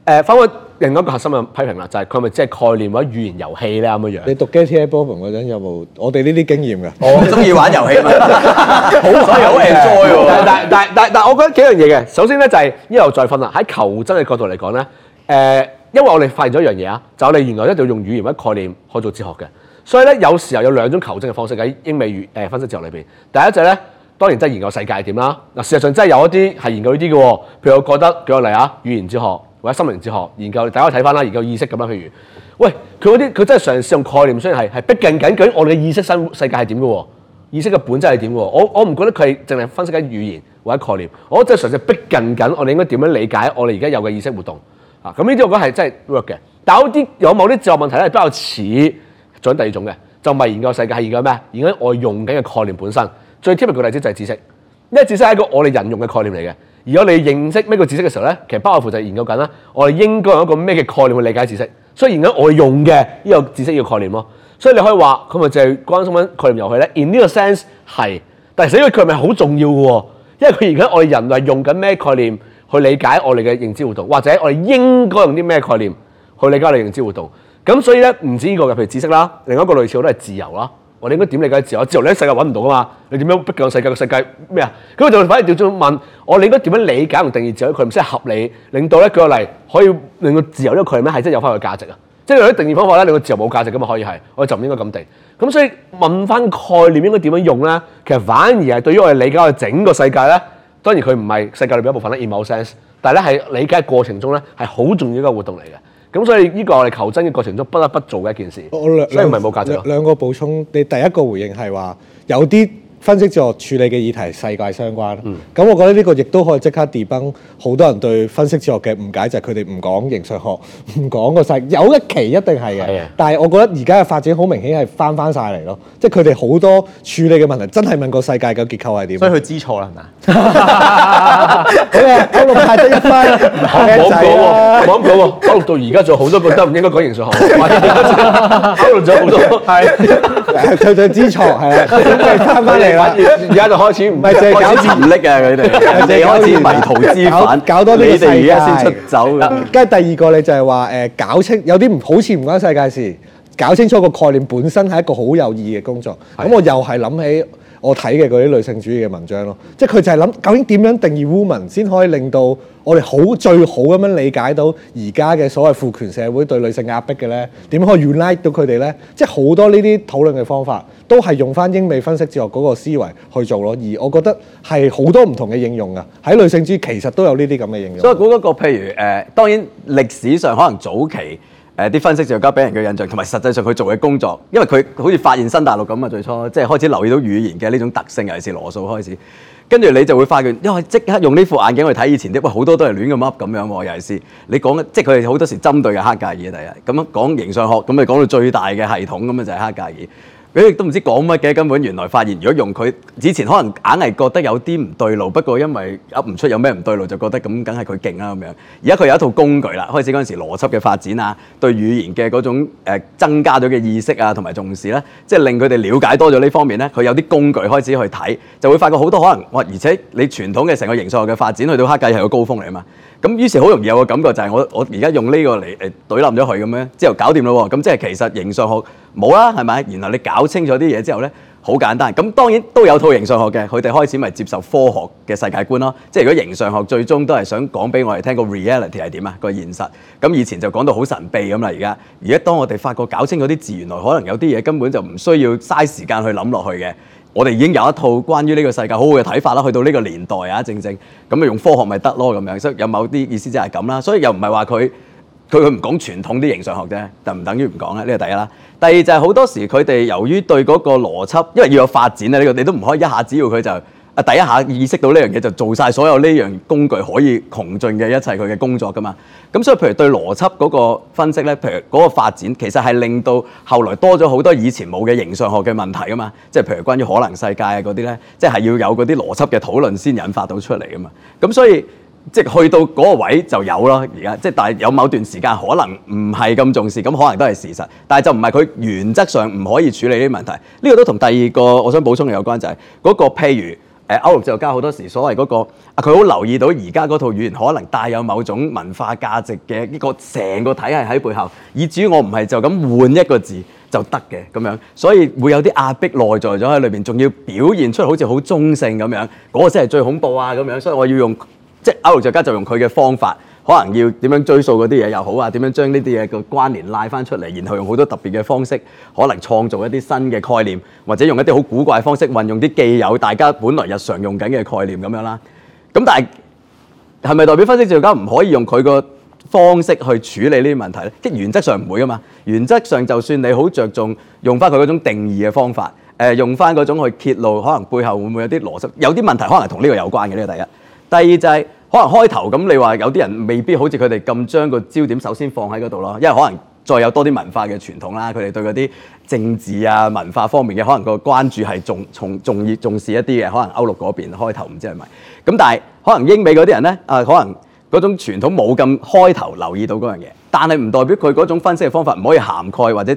誒，翻回另一個核心嘅批評啦，就係佢係咪即係概念或者語言遊戲咧？咁嘅樣，你讀《Gettier Problem》嗰陣有冇我哋呢啲經驗㗎？ 我鍾意玩遊戲，好所以鬼有趣嘅。但但但但，但我覺得幾樣嘢嘅。首先咧就係一又再訓啦。喺求真嘅角度嚟講咧，誒、呃，因為我哋發現咗一樣嘢啊，就係、我哋原來一定要用語言或者概念去做哲學嘅，所以咧有時候有兩種求真嘅方式喺英美語誒、呃、分析哲學裏邊。第一隻咧，當然真係研究世界係點啦。嗱，事實上真係有一啲係研究呢啲嘅，譬如我覺得舉個例啊，語言哲學。或者心靈哲學研究，大家睇翻啦，研究意識咁啦。譬如，喂，佢嗰啲佢真係嘗試用概念，雖然係係逼近緊究竟我哋嘅意識生活世界係點嘅喎？意識嘅本質係點嘅喎？我我唔覺得佢係淨係分析緊語言或者概念，我真係嘗試逼近緊我哋應該點樣理解我哋而家有嘅意識活動啊！咁呢啲我覺得係真係 work 嘅。但有啲有冇啲哲學問題咧比較似做緊第二種嘅，就唔係研究世界，係研究咩？研究我用緊嘅概念本身。最貼入個例子就係知識，因為知識係一個我哋人用嘅概念嚟嘅。而如果你認識咩個知識嘅時候咧，其實包括就係研究緊啦。我哋應該用一個咩嘅概念去理解知識？所以而家我哋用嘅呢個知識要概念喎，所以你可以話佢咪就係關心緊概念遊戲咧。In 呢個 sense 係，但係死佢，佢係咪好重要嘅喎？因為佢而家我哋人類是用緊咩概念去理解我哋嘅認知活動，或者我哋應該用啲咩概念去理解我哋認知活動？咁所以咧，唔止呢、這個嘅，譬如知識啦，另一個類似我都係自由啦。我哋應該點理解自由？自由你喺世界揾唔到噶嘛？你點樣逼向世界嘅世界咩啊？咁佢就反而調轉問我哋應該點樣理解同定義自由？佢唔識合理，令到咧佢嚟可以令個自由呢個概念係真係有翻個價值啊！即係佢啲定義方法咧，令個自由冇價值噶嘛可以係，我就唔應該咁定。咁所以問翻概念應該點樣用咧？其實反而係對於我哋理解我哋整個世界咧，當然佢唔係世界裏邊一部分咧 in no sense。但係咧係理解過程中咧係好重要一個活動嚟嘅。咁所以呢個我哋求真嘅過程中不得不做嘅一件事，我所以唔係冇價值。兩個補充，你第一個回應係話有啲。分析哲學處理嘅議題，世界相關。咁我覺得呢個亦都可以即刻跌崩，好多人對分析哲學嘅誤解就係佢哋唔講形上學，唔講個世界有一期一定係嘅。但係我覺得而家嘅發展好明顯係翻翻晒嚟咯，即係佢哋好多處理嘅問題真係問個世界嘅結構係點。所以佢知錯啦，係咪？好嘅，一路派得一分啦。唔講講喎，講講喎，講到而家仲好多個都唔應該講形上學。講咗好多，係對對知錯係翻翻嚟。而家就開始唔，唔係淨係搞字唔拎啊！佢哋開始迷途知返，搞多啲而家先出走。跟住第二個咧就係話誒，搞清有啲唔好似唔關世界事，搞清楚個概念本身係一個好有意義嘅工作。咁是的 我又係諗起。我睇嘅嗰啲女性主義嘅文章咯，即係佢就係諗究竟點樣定義 woman 先可以令到我哋好最好咁樣理解到而家嘅所謂父權社會對女性壓迫嘅咧？點可以 unite 到佢哋咧？即係好多呢啲討論嘅方法都係用翻英美分析哲學嗰個思維去做咯，而我覺得係好多唔同嘅應用啊，喺女性主義其實都有呢啲咁嘅應用。所以我估一個譬如誒、呃、當然歷史上可能早期。誒啲、啊、分析就交俾人嘅印象，同埋實際上佢做嘅工作，因為佢好似發現新大陸咁啊！最初即係開始留意到語言嘅呢種特性，尤其是羅素開始，跟住你就會發現，因為即刻用呢副眼鏡去睇以前啲，喂，好多都係亂咁噏咁樣喎！尤其是，你講即係佢哋好多時針對嘅黑格爾，第一，咁樣講形上學，咁咪講到最大嘅系統咁啊，就係、是、黑格爾。佢亦都唔知講乜嘅，根本原來發現，如果用佢之前，可能硬係覺得有啲唔對路。不過因為噏唔出有咩唔對路，就覺得咁梗係佢勁啦咁樣。而家佢有一套工具啦，開始嗰陣時邏輯嘅發展啊，對語言嘅嗰種、呃、增加咗嘅意識啊，同埋重視咧，即係令佢哋了解多咗呢方面呢，佢有啲工具開始去睇，就會發覺好多可能。哇！而且你傳統嘅成個形上學嘅發展去到黑格係個高峰嚟啊嘛～咁於是好容易有個感覺，就係我我而家用呢個嚟誒對冧咗佢咁樣，之後搞掂咯喎！咁即係其實形上學冇啦，係咪？然後你搞清楚啲嘢之後呢，好簡單。咁當然都有套形上學嘅，佢哋開始咪接受科學嘅世界觀咯。即係如果形上學最終都係想講俾我哋聽個 reality 係點啊，個現實。咁以前就講到好神秘咁啦，而家而家當我哋發覺搞清嗰啲字，原來可能有啲嘢根本就唔需要嘥時間去諗落去嘅。我哋已經有一套關於呢個世界好好嘅睇法啦，去到呢個年代啊，正正咁咪用科學咪得咯，咁樣，所以有某啲意思即係咁啦。所以又唔係話佢佢佢唔講傳統啲形上學啫，就唔等於唔講啦。呢個第一啦，第二就係好多時佢哋由於對嗰個邏輯，因為要有發展啊，呢個你都唔可以一下子要佢就。啊！第一下意識到呢樣嘢，就做晒所有呢樣工具可以窮盡嘅一切佢嘅工作㗎嘛。咁所以，譬如對邏輯嗰個分析咧，譬如嗰個發展，其實係令到後來多咗好多以前冇嘅形上學嘅問題㗎嘛！即係譬如關於可能世界啊嗰啲咧，即係要有嗰啲邏輯嘅討論先引發到出嚟㗎嘛！咁所以即係去到嗰個位就有囉。而家即係，但係有某段時間可能唔係咁重視，咁可能都係事實。但係就唔係佢原則上唔可以處理呢啲問題。呢個都同第二個我想補充嘅有關，就係嗰個譬如。誒歐陸作家好多時所謂嗰個，啊佢好留意到而家嗰套語言可能帶有某種文化價值嘅呢個成個體系喺背後，以至於我唔係就咁換一個字就得嘅咁樣，所以會有啲壓迫內在咗喺裏邊，仲要表現出好似好中性咁樣，嗰個先係最恐怖啊咁樣，所以我要用即係歐陸作家就用佢嘅方法。可能要點樣追溯嗰啲嘢又好啊，點樣將呢啲嘢嘅關聯拉翻出嚟，然後用好多特別嘅方式，可能創造一啲新嘅概念，或者用一啲好古怪嘅方式運用啲既有大家本來日常用緊嘅概念咁樣啦。咁但係係咪代表分析哲學家唔可以用佢個方式去處理呢啲問題咧？即原則上唔會啊嘛。原則上就算你好着重用翻佢嗰種定義嘅方法，誒用翻嗰種去揭露可能背後會唔會有啲邏輯，有啲問題可能同呢個有關嘅。呢個第一，第二就係。可能開頭咁，你話有啲人未必好似佢哋咁將個焦點首先放喺嗰度咯，因為可能再有多啲文化嘅傳統啦，佢哋對嗰啲政治啊、文化方面嘅可能個關注係重重重要重視一啲嘅，可能歐陸嗰邊開頭唔知係咪咁，但係可能英美嗰啲人呢，啊可能嗰種傳統冇咁開頭留意到嗰樣嘢，但係唔代表佢嗰種分析嘅方法唔可以涵蓋或者。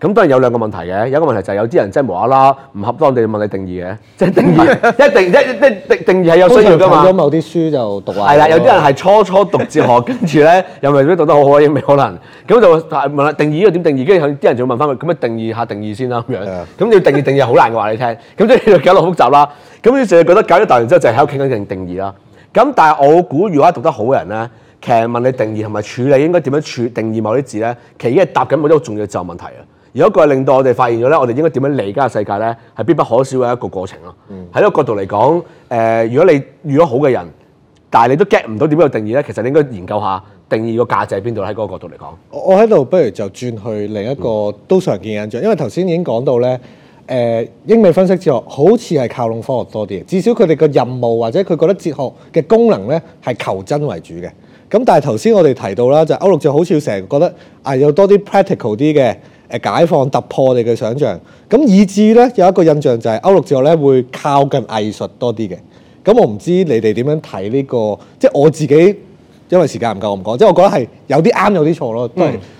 咁當然有兩個問題嘅，有一個問題就係有啲人真係無啦啦唔合當地問你定義嘅，即係定義一定一即定義係有需要㗎嘛。睇咗某啲書就讀啊，係啦，有啲人係初初讀哲學，跟住咧又未必讀得好可以，未可能咁就問定義呢點定義？跟住啲人仲會問翻佢，咁樣定義，定義下定義先啦咁樣。咁 你要定義定義好難，嘅話你聽咁即係搞到好複雜啦。咁你就日覺得搞咗大完之後就係喺度傾緊定定義啦。咁但係我估如果讀得好嘅人咧，其實問你定義同埋處理應該點樣處理定義某啲字咧，其實已經係答緊某啲好重要就問題啊。如果佢係令到我哋發現咗咧，我哋應該點樣理解世界咧？係必不可少嘅一個過程咯。喺呢、嗯、個角度嚟講，誒、呃，如果你遇咗好嘅人，但係你都 get 唔到點樣定義咧，其實你應該研究下定義個價值喺邊度。喺嗰個角度嚟講，我喺度不如就轉去另一個都常見嘅印象，嗯、因為頭先已經講到咧，誒、呃、英美分析哲學好似係靠攏科學多啲，至少佢哋嘅任務或者佢覺得哲學嘅功能咧係求真為主嘅。咁但係頭先我哋提到啦，就歐陸就好似成日覺得啊，有多啲 practical 啲嘅。誒，解放突破你嘅想象，咁以至咧有一個印象就係、是、歐陸哲學咧會靠近藝術多啲嘅。咁我唔知你哋點樣睇呢、這個，即係我自己，因為時間唔夠，我唔講。即係我覺得係有啲啱，有啲錯咯，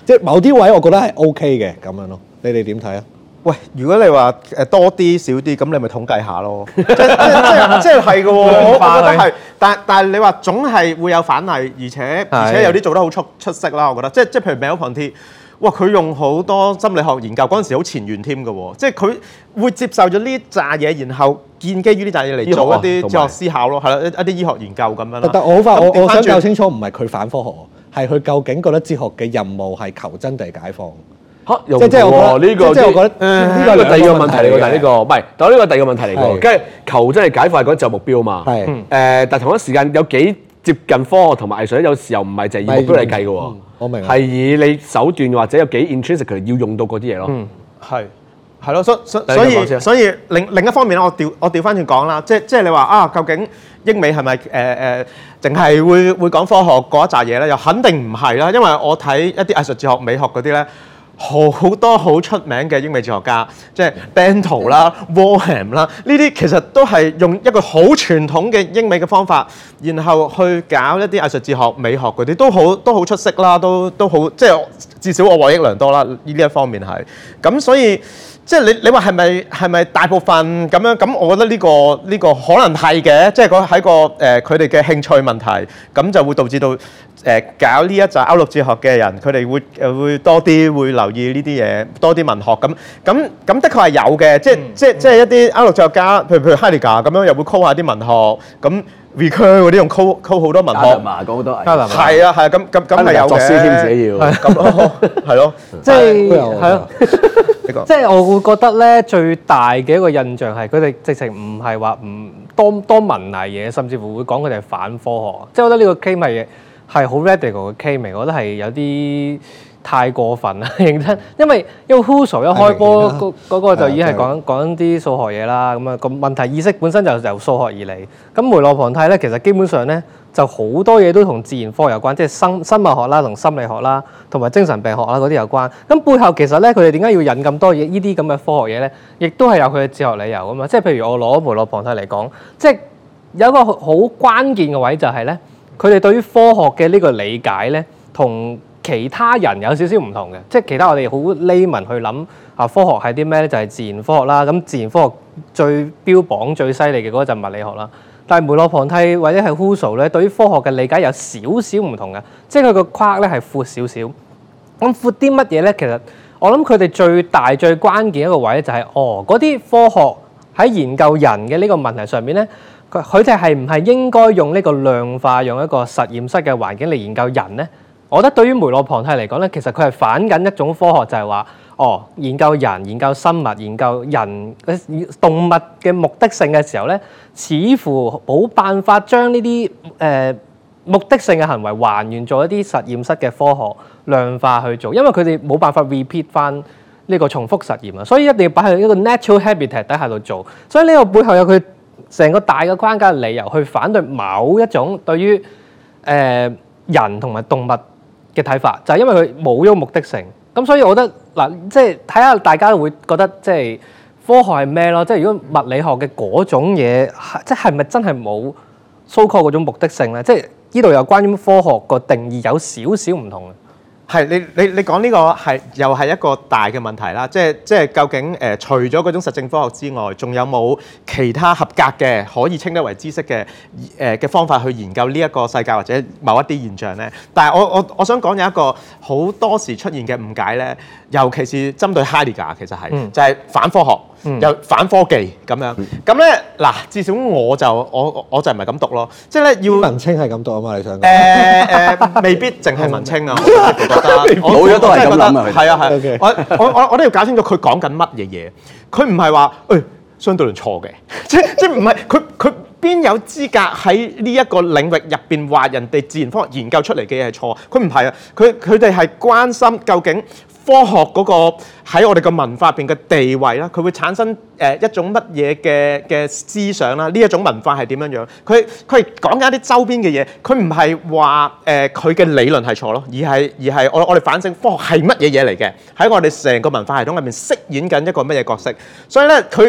即係某啲位我覺得係 OK 嘅咁樣咯。你哋點睇啊？喂，如果你話誒多啲少啲，咁你咪統計下咯。 即係即係即係係嘅喎， 我覺得係。但但係你話總係會有反例，而且的而且有啲做得好出出色啦，我覺得。即即係譬如 Mel p 哇！佢用好多心理學研究嗰陣時好前沿添嘅喎，即係佢會接受咗呢啲嘢，然後建基於呢啲嘢嚟做一啲哲學思考咯，係啦，一啲醫學研究咁樣。但但我好快，我我想搞清楚，唔係佢反科學，係佢究竟覺得哲學嘅任務係求真定解放？嚇，即即係我呢個呢個第二個問題嚟㗎，但係呢個唔係，但係呢個第二個問題嚟㗎，即係求真係解放嗰個目標啊嘛。係誒，但係同一時間有幾接近科學同埋藝術咧，有時候唔係淨係以比例計嘅喎，我明。係以你手段或者有幾 intrinsically 要用到嗰啲嘢咯。嗯，係，係咯，所所以所以另另一方面咧，我調我調返轉講啦，即即係你話啊，究竟英美係咪誒誒淨係會會講科學嗰一紮嘢咧？又肯定唔係啦，因為我睇一啲藝術哲學、美學嗰啲咧。好多好出名嘅英美哲學家，即係 Ben 淘啦、Wollheim 啦，呢啲其實都係用一個好傳統嘅英美嘅方法，然後去搞一啲藝術哲學、美學嗰啲，都好都好出色啦，都都好，即係至少我獲益良多啦。呢一方面係，咁所以。即係你你話係咪係咪大部分咁樣咁？咁我覺得呢個呢個可能係嘅，即係喺個誒佢哋嘅興趣問題，咁就會導致到誒、呃、搞呢一集歐陸哲學嘅人，佢哋會誒會多啲會留意呢啲嘢，多啲文學咁咁咁，咁咁咁的確係有嘅，即係、嗯、即係即係一啲歐陸作家，譬如譬如海德格咁樣又會 call 下啲文學咁。recall 嗰啲用溝溝好多文學，加好多。係啊係啊咁咁咁係有嘅，係咯係咯，即係係咯，即係、 哦、我會覺得咧最大嘅一個印象係佢哋直情唔係話唔多多文壘嘢，甚至乎會講佢哋係反科學，即、就、係、是、我覺得呢個 k 味係好 radical 嘅 k 味，是 laim, 我覺得係有啲。太過分啦！認真，因為因為 Husserl 一開波嗰對個就已經係講講緊啲數學嘢啦。咁啊，個問題意識本身就由數學而嚟。咁梅洛龐蒂咧，其實基本上咧就好多嘢都同自然科學有關，即係生生物學啦、同心理學啦、同埋精神病學啦嗰啲有關。咁背後其實咧，佢哋點解要引咁多嘢？依啲咁嘅科學嘢咧，亦都係有佢嘅哲學理由啊嘛。即係譬如我攞梅洛龐蒂嚟講，即係有一個好關鍵嘅位就係咧，佢哋對於科學嘅呢個理解咧，同，其他人有少少唔同嘅，即係其他我哋好 layman 去諗啊，科學係啲咩咧？就係、是、自然科學啦。咁自然科學最標榜最犀利嘅嗰陣物理學啦。但係梅洛龐蒂或者係 Husserl 咧，對於科學嘅理解有少少唔同嘅，即係佢個框咧係闊少少。咁闊啲乜嘢咧？其實我諗佢哋最大最關鍵一個位咧，就是，就係哦嗰啲科學喺研究人嘅呢個問題上面咧，佢佢哋係唔係應該用呢個量化，用一個實驗室嘅環境嚟研究人咧？我覺得對於梅洛龐蒂嚟講咧，其實佢係反緊一種科學，就係、是、話哦，研究人、研究生物、研究人動動物嘅目的性嘅時候咧，似乎冇辦法將呢啲、呃、目的性嘅行為還原做一啲實驗室嘅科學量化去做，因為佢哋冇辦法 repeat 翻呢個重複實驗啊，所以一定要擺喺一個 natural habitat 底下度做。所以呢個背後有佢成個大嘅框架嘅理由去反對某一種對於、呃、人同埋動物。嘅睇法就係因為佢冇咗目的性，咁所以我覺得嗱，即係睇下大家會覺得即係科學係咩咯？即係如果物理學嘅嗰種嘢係即係咪真係冇 so called 嗰種目的性咧？即係呢度有關於科學個定義有少少唔同嘅。係，你你你講呢個係又係一個大嘅問題啦，即係即係究竟誒、呃、除咗嗰種實證科學之外，仲有冇其他合格嘅可以稱得為知識嘅誒嘅方法去研究呢一個世界或者某一啲現象呢？但係我我我想講有一個好多時出現嘅誤解呢。尤其是針對哈利其實係、嗯、就係反科學、嗯、又反科技咁樣咁咧嗱，至少我就我我就唔係咁讀咯，即係咧要文青係咁讀啊嘛。你想誒誒、呃呃，未必淨係文青啊，老咗都係咁諗啊，係啊係啊，啊 okay. 我我我都要搞清楚佢講緊乜嘢嘢。佢唔係話誒相對論錯嘅，即即唔係佢佢邊有資格喺呢一個領域入邊話人哋自然科學研究出嚟嘅嘢係錯？佢唔係啊，佢佢哋係關心究竟。科學嗰個喺我哋嘅文化入邊嘅地位啦，佢會產生誒一種乜嘢嘅嘅思想啦？呢一種文化係點樣樣？佢佢講緊一啲周邊嘅嘢，佢唔係話誒佢嘅理論係錯咯，而係而係我我哋反省科學係乜嘢嘢嚟嘅？喺我哋成個文化系統入面飾演緊一個乜嘢角色？所以咧，佢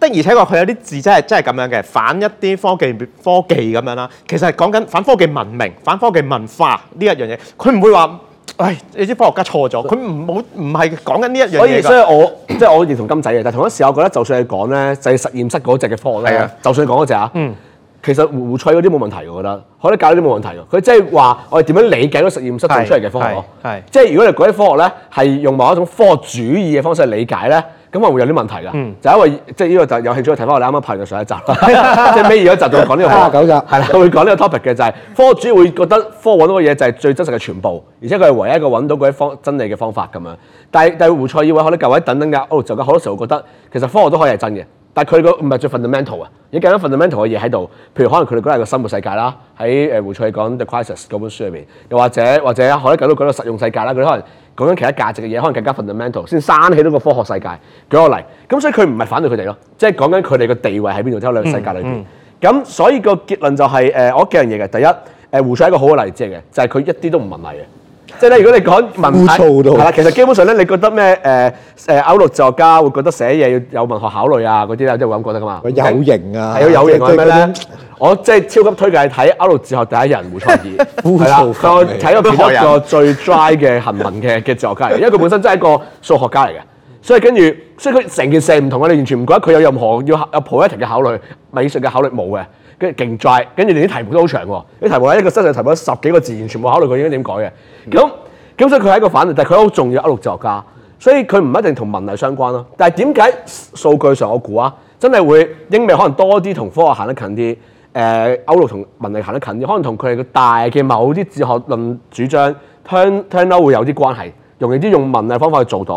的而且確佢有啲字真係真係咁樣嘅，反一啲科技科技咁樣啦。其實係講緊反科技文明、反科技文化呢一樣嘢，佢唔會話。唉、哎，你知科學家錯咗，佢唔好唔係講緊呢一樣。所以所以，我即係我認同金仔嘅，但係同一時，我覺得就算係講咧，就係、是、實驗室嗰隻嘅科學咧，是的 就算講嗰隻啊，嗯、其實胡翠嗰啲冇問題，我覺得，可能教嗰啲冇問題㗎，佢即係話我哋點樣理解嗰個實驗室做出嚟嘅科學咯，即係如果你嗰啲科學咧係用某一種科學主義嘅方式理解咧。咁我會有啲問題㗎，嗯、就因為即係呢個就有興趣睇翻我哋啱啱拍完上一集， 即係尾二嗰集就講呢個科學講嘅。係啦， 會講呢個 topic 嘅 就係科學主義會覺得科學揾到嘢就係最真實嘅全部，而且佢係唯一一個揾到嗰啲方真理嘅方法咁樣。但係第二胡塞爾要揾可能各位等等嘅，哦，就咁好多時候會覺得其實科學都可以係真嘅，但係佢個唔係最 fundamental 啊，你揀翻 fundamental 嘅嘢喺度，譬如可能佢哋講係個生活世界啦，喺誒胡塞講 The Crisis 嗰本書裏面，又或者或者可能舊都講到實用世界啦，佢可能。講緊其他價值嘅嘢，可能更加 fundamental，先生起到個科學世界。舉個例，咁所以佢唔係反對佢哋咯，即係講緊佢哋嘅地位喺邊度，即係兩個世界裏邊。咁、嗯嗯、所以個結論就係、是，誒、呃，我幾樣嘢嘅。第一，誒、呃、胡塞係一個好嘅例子嚟嘅，就係、是、佢一啲都唔文藝嘅。嗯即係咧，如果你講文體，係啦，其實基本上咧，你覺得咩？誒、呃、誒、呃，歐陸作家會覺得寫嘢要有文學考慮啊，嗰啲咧都係咁覺得噶嘛。有型啊，係對有型嘅咩咧？我即係超級推介睇歐陸哲學第一人胡塞爾，枯燥乏味， 我睇過其中一個最 dry 嘅行文嘅嘅哲學家嚟，因為佢本身真係一個數學家嚟嘅，所以跟住，所以佢成件嘢唔同啊。你完全唔覺得佢有任何要有 poetic 嘅考慮、美術嘅考慮冇嘅。跟住勁 dry 跟住連啲題目都好長喎。啲題目咧，一個實際題目十幾個字，完全冇考慮佢應該點改嘅。咁，咁所以佢係一個反例，但係佢好重要。歐陸哲學家，所以佢唔一定同文藝相關咯。但係點解數據上我估啊，真係會英美可能多啲同科學行得近啲。誒歐陸同文藝行得近啲，可能同佢哋嘅大嘅某啲哲學論主張 turn turn out，會有啲關係。容易啲用文藝方法去做到，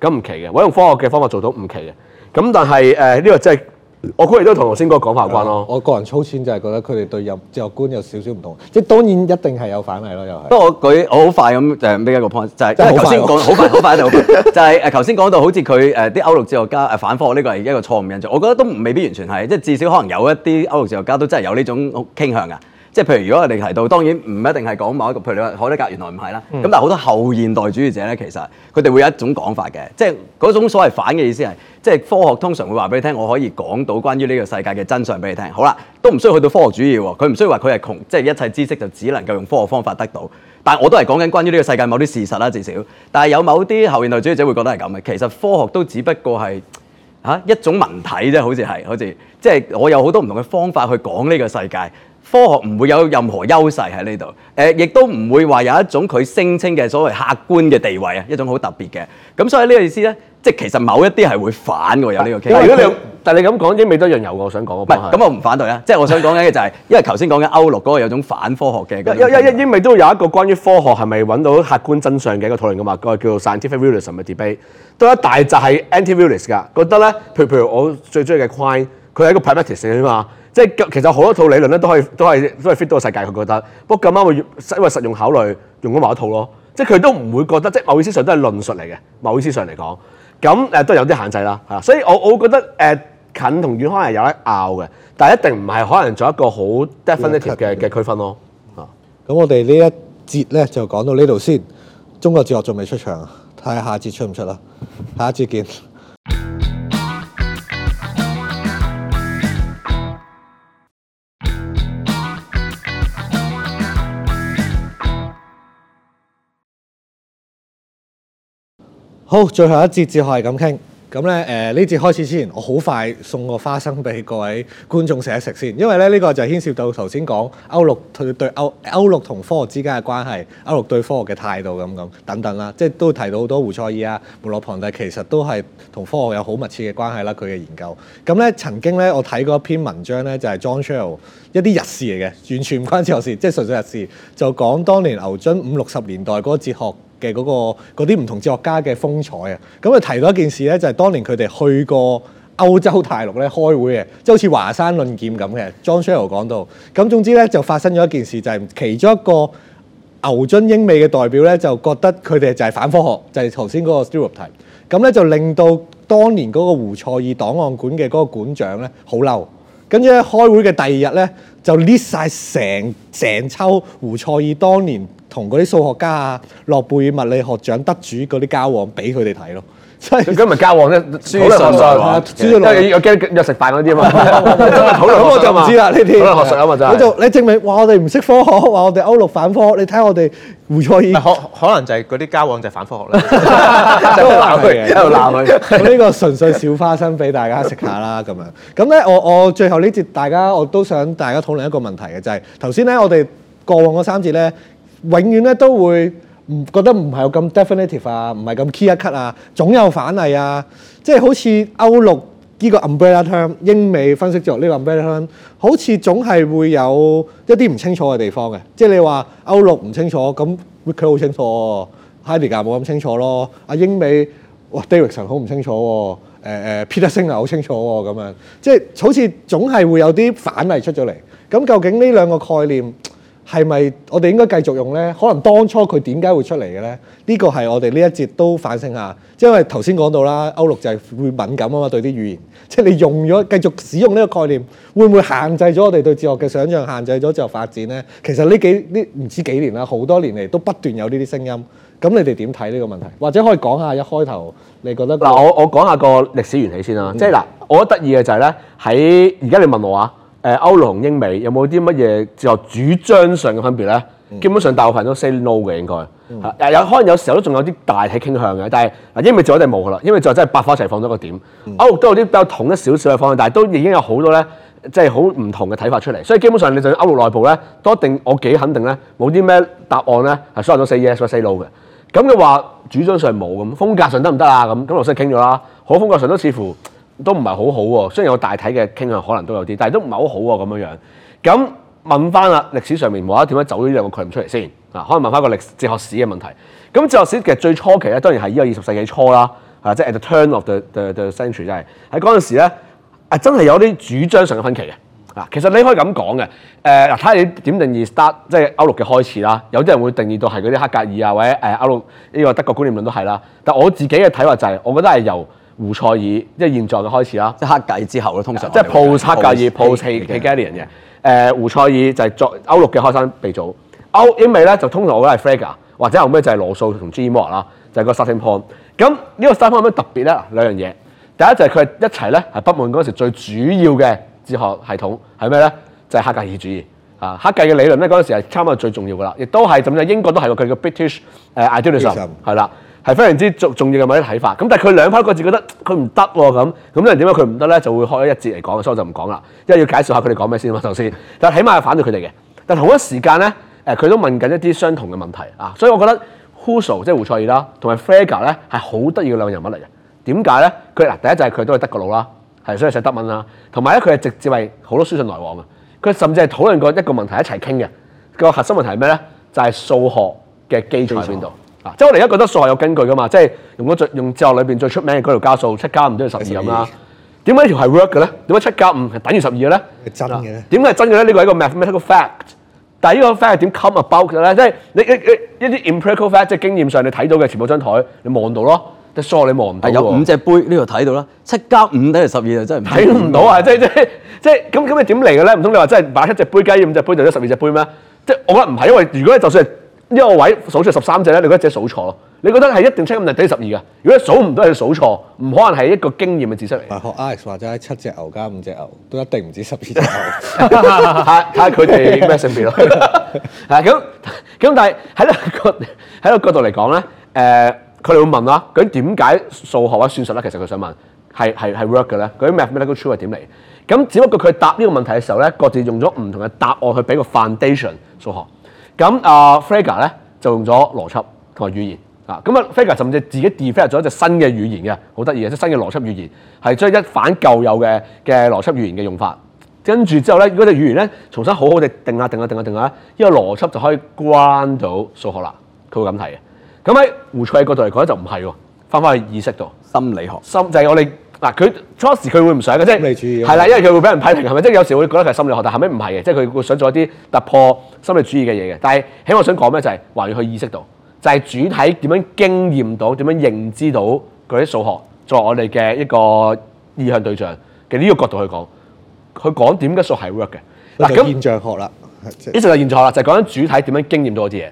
咁唔奇嘅。我用科學嘅方法做到唔奇嘅。咁但係誒呢個真係。我估佢都同頭先個講法有關咯。我個人粗淺就係覺得佢哋對入哲學觀有少少唔同。即係當然一定係有反例咯，又係。不過我舉我好快咁就係、是、俾一個 point，就係頭先講好快好我快就係， 就係誒頭先講到好似佢誒啲歐陸哲學家反科學呢個係一個錯誤印象。我覺得都未必完全係，即係至少可能有一啲歐陸哲學家都真係有呢種傾向噶。即係譬如，如果我哋提到，當然唔一定係講某一個，譬如你話海德格原來唔係啦。咁、嗯、但係好多後現代主義者咧，其實佢哋會有一種講法嘅，即係嗰種所謂反嘅意思係，即係科學通常會話俾你聽，我可以講到關於呢個世界嘅真相俾你聽。好啦，都唔需要去到科學主義喎，佢唔需要話佢係窮，即係一切知識就只能夠用科學方法得到。但我都係講緊關於呢個世界某啲事實啦，至少。但係有某啲後現代主義者會覺得係咁嘅，其實科學都只不過係嚇、啊、一種文體啫，好似係好似，即係我有好多唔同嘅方法去講呢個世界。科學唔會有任何優勢喺呢度，誒，亦都唔會話有一種佢聲稱嘅所謂客觀嘅地位啊，一種好特別嘅。咁所以呢個意思咧，即係其實某一啲係會反嘅，有呢個。但係如果你但係你咁講，英美都一樣有的。我想講咁唔係我唔反對啊。即係我想講緊嘅就係， 因為頭先講緊歐陸嗰個有種反科學嘅。因英英英美都有一個關於科學係咪揾到客觀真相嘅一個討論㗎嘛？嗰個叫做 scientific realism 嘅 debate，都一大集係 anti-realism 㗎。覺得咧，譬如譬如我最中意嘅 Quine 佢係一個 practice 嚟㗎嘛。即係其實好多套理論咧都可以都係都係 fit 到個世界，佢覺得。不過咁啱佢實因為實用考慮，用咗某一套咯。即係佢都唔會覺得，即係某意思上都係論述嚟嘅。某意思上嚟講，咁誒、呃、都有啲限制啦。係所以我我覺得誒、呃、近同遠可能係有得拗嘅，但係一定唔係可能做一個好 definitive 嘅嘅區的分咯。啊，咁我哋呢一節咧就講到呢度先。中國哲學仲未出場，睇下下一節出唔出啦。下一節見。好，最後一節哲學係咁傾，咁咧呢、呃、節開始之前，我好快送個花生俾各位觀眾食一食先，因為咧呢、呢個就牽涉到頭先講歐陸對歐歐陸同科學之間嘅關係，歐陸對科學嘅態度咁咁等等啦，即係都提到好多胡塞爾、啊、梅洛龐蒂，其實都係同科學有好密切嘅關係啦，佢嘅研究。咁咧曾經咧我睇過一篇文章咧，就係、是、John Searle 一啲日事嚟嘅，完全唔關哲學事，即係純粹日事，就講當年牛津五六十年代嗰個哲學。嘅嗰啲唔同哲學家嘅風采啊，咁啊提到一件事咧，就係當年佢哋去過歐洲大陸咧開會嘅，即係好似華山論劍咁嘅。John Searle 講到，咁總之咧就發生咗一件事，就係其中一個牛津英美嘅代表咧就覺得佢哋就係反科學，就係頭先嗰個 stereotype 咁咧就令到當年嗰個胡塞爾檔案館嘅嗰個館長咧好嬲。跟住咧，開會嘅第二日咧，就 list 晒成成抽胡塞爾當年同嗰啲數學家啊、諾貝爾物理學獎得主嗰啲交往俾佢哋睇咯。咁咪交往咧輸咗學術係嘛？因為我驚要食飯嗰啲啊嘛，咁我就唔知啦呢啲，討論啊嘛就。你就你證明話我哋唔識科學，話我哋歐陸反科學。你睇我哋胡賽爾。可可能就係嗰啲交往就反科學啦，一路鬧佢一路鬧佢。呢個純粹小花生俾大家食下啦，咁樣。咁咧，我我最後呢節大家我都想大家討論一個問題嘅，就係頭先咧，我哋過往嗰三節咧，永遠咧都會。唔覺得唔係咁 definitive 啊，唔係咁 key 一 cut 啊，總有反例啊，即係好似歐陸呢個 umbrella term，英美分析做呢個 umbrella term，好似總係會有一啲唔清楚嘅地方嘅，即係你話歐陸唔清楚，咁佢好清楚，Heidegger 冇咁清楚咯，阿英美哇 Davidson 好唔清楚，誒誒 Peter Singer 啊好清楚咁樣，即係好似總係會有啲反例出咗嚟，咁究竟呢兩個概念？係咪我哋應該繼續用咧？可能當初佢點解會出嚟嘅咧？呢個係我哋呢一節都反省下，因為頭先講到啦，歐陸就係會敏感啊嘛，對啲語言，即係你用咗繼續使用呢個概念，會唔會限制咗我哋對哲學嘅想像，限制咗哲學發展咧？其實呢幾呢唔知幾年啦，好多年嚟都不斷有呢啲聲音。咁你哋點睇呢個問題？或者可以講下一開頭，你覺得嗱，我我講下個歷史緣起先啦。即係嗱，我覺得得意嘅就係咧，喺而家你問我啊。誒歐陸同英美有冇啲乜嘢就主張上嘅分別咧？嗯、基本上大部分人都 say no 嘅應該吓但、嗯、有可能有時候都仲有啲大體傾向嘅，但係啊英美就一定冇啦，因為就真係百花齊放咗個點。嗯、歐陸都有啲比較統一少少嘅方向，但係都已經有好多咧，即係好唔同嘅睇法出嚟。所以基本上你就算歐陸內部咧，都一定我幾肯定咧，冇啲咩答案咧係所有人都 say yes 或者 say no 嘅。咁嘅話主張上冇咁，風格上得唔得啊？咁咁我先傾咗啦。好能風格上都似乎，都唔係好好喎，雖然有大體嘅傾向，可能都有啲，但係都唔係好好喎，咁樣樣。咁問翻啦，歷史上面冇得點樣走呢兩個概念出嚟先啊？可能問翻個歷哲學史嘅問題。咁哲學史其實最初期咧，當然係呢個二十世紀初啦、啊，即係 the turn of the century，真係喺嗰陣時咧，啊，真係有啲主張上嘅分歧嘅。啊，其實你可以咁講嘅，誒、啊，嗱，睇下你點定義 start，即係歐陸嘅開始啦。有啲人會定義到係嗰啲黑格爾啊，或者誒、啊、歐陸呢、呢個德國觀念論都係啦。但我自己嘅睇法就係、是，我覺得係由胡塞爾即現在嘅開始啦，即黑格之後嘅通常的即係 P post 黑格爾、post P ose, Hegelian 嘅。誒、呃，胡塞爾就係作歐陸嘅開山鼻祖。歐英美咧，就通常我覺得係 Frege 或者後屘就係羅素同 G. Moore 啦，or, 就係個 starting point。咁呢個 starting point 有咩特別咧？兩樣嘢，第一就係佢一齊咧係不滿嗰時最主要嘅哲學系統係咩咧？就係、是、黑格爾主義啊！黑格嘅理論咧嗰時係差唔多最重要噶啦，亦都係甚至英國都係佢嘅 British idealism 啦。係非常之重重要嘅某啲睇法，咁但係佢兩翻個字覺得佢唔得喎咁，咁咧點解佢唔得咧？就會開一節嚟講，所以我就唔講啦，因為要介紹下佢哋講咩先嘛，首先，但係起碼係反對佢哋嘅，但係同一時間咧，誒佢都問緊一啲相同嘅問題啊，所以我覺得 Husserl 即係胡塞爾啦，同埋 Frege 咧係好得意嘅兩個人物嚟嘅，點解咧？佢嗱第一就係佢都係德國佬啦，係所以寫德文啦，同埋咧佢係直接係好多書信來往啊，佢甚至係討論過一個問題一齊傾嘅，個核心問題係咩咧？就係、是、數學嘅基礎喺邊度？即係我哋而家覺得數學有根據噶嘛，即係用咗最用之後裏邊最出名嘅嗰條加數七加五等於十二咁啦。點解條係 work 嘅咧？點解七加五係等於十二嘅咧？係真嘅咧？點解係真嘅咧？呢個係一個 mathematical fact，但係呢個 fact 係點 come about 嘅咧？即係你，你，你一啲 empirical fact，即係經驗上你睇到嘅全部張台你望到咯，啲數你望唔到喎。有五隻杯呢度睇到啦，七加五等於十二就真唔睇唔到啊！即即即咁咁你點嚟嘅咧？唔通你話真係買七隻杯雞，五隻杯就得十二隻杯咩？即係我覺得唔係，因為如果你就算係呢個位數出十三隻咧，你覺得只數錯咯？你覺得係一定七五定係十二㗎？如果你數唔到，係數錯，唔可能係一個經驗嘅知識嚟。學 Alex 或者七隻牛加五隻牛都一定唔止十二隻牛，睇下佢哋咩性別咯。係咁咁，但係喺一個喺一個角度嚟講咧，誒，佢哋會問啦，佢點解數學或者算術咧？其實佢想問係係係 work 嘅咧，佢啲 mathematical truth 係點嚟？咁只不過佢答呢個問題嘅時候咧，各自用咗唔同嘅答案去俾個 foundation 數學。咁啊，Frege 咧就用咗邏輯同埋語言啊，咁啊 Frege 甚至自己 define 咗一隻新嘅語言嘅，好得意嘅，即新嘅邏輯語言，係將一反舊有嘅嘅邏輯語言嘅用法，跟住之後咧，嗰隻語言咧重新好好地定下定下定下定下，呢、呢個邏輯就可以關到數學啦，佢會咁睇嘅。咁喺胡塞角度嚟講咧就唔係喎，返返去意識度、心理學，心就係、是、我哋。嗱，佢初時佢會唔想嘅，即係心理主義，係啦，因為佢會俾人批評，係咪即係有時會覺得係心理學，但後尾唔係嘅，即係佢會想做一啲突破心理主義嘅嘢嘅。但係，起碼想講咩就係話要去意識到就係主體點樣經驗到點樣認知到佢啲數學作為我哋嘅一個意向對象嘅呢個角度去講。佢講點嘅數係 work 嘅嗱，咁現象學啦，呢實就係現象學啦，就係講緊主體點樣經驗到嗰啲嘢。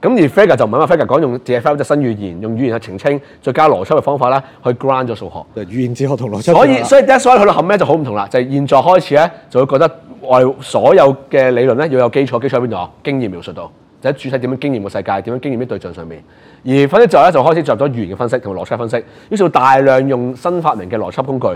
咁而 Frege 就唔係嘛 Frege 講用自己發出隻新語言，用語言去澄清，再加邏輯嘅方法啦，去 ground 咗數學。就語言哲學同邏輯所。所以所以所 h u s o n 就好唔同啦。就係、是、現在開始咧，就會覺得我哋所有嘅理論咧要有基礎，基礎喺邊度啊？經驗描述到，就喺、是、主體點樣經驗個世界，點樣經驗啲對象上面。而分析之後咧，就開始進入咗語言嘅分析同邏輯嘅分析，於是要大量用新發明嘅邏輯工具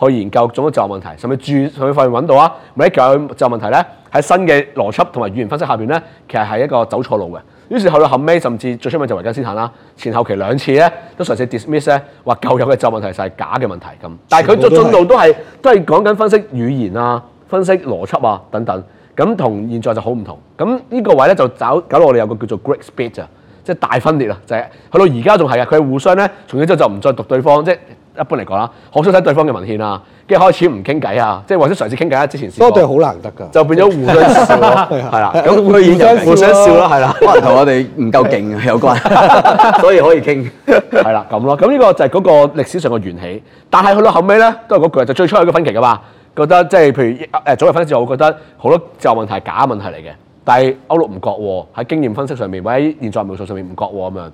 去研究各種就問題，甚至注甚至發現揾到啊，某啲舊就問題咧喺新嘅邏輯同埋語言分析下邊咧，其實係一個走錯路嘅。於是去到後尾，甚至最出名就維根斯坦啦。前後期兩次咧，都嘗試 dismiss 咧，話舊有嘅就問題係假嘅問題咁。但係佢嘅進度都係都係講緊分析語言啊、分析邏輯啊等等。咁同現在就好唔同。咁呢個位咧就搞搞，搞到我哋有個叫做 Great Split 啊，即係大分裂啊，就係、是、去到而家仲係啊。佢互相咧，從此之後就唔再讀對方，即、就、係、是。一般嚟講啦，好想睇對方嘅文獻啊，跟住開始唔傾偈啊，即係或者嘗試傾偈啊。之前多對好難得㗎，就變咗互相笑。係啦 了，咁佢已經互相笑啦，係啦，可能同我哋唔夠勁有關，了 所以可以傾係啦，咁咯。咁呢個就係嗰個歷史上嘅緣起。但係去到後尾咧，都係嗰句，就最初有一個分歧㗎嘛。覺得即係譬如誒，早期分析我覺得好多就問題係假問題嚟嘅，但係歐陸唔覺喎，喺經驗分析上面，或者在現在描述上面唔覺喎咁樣。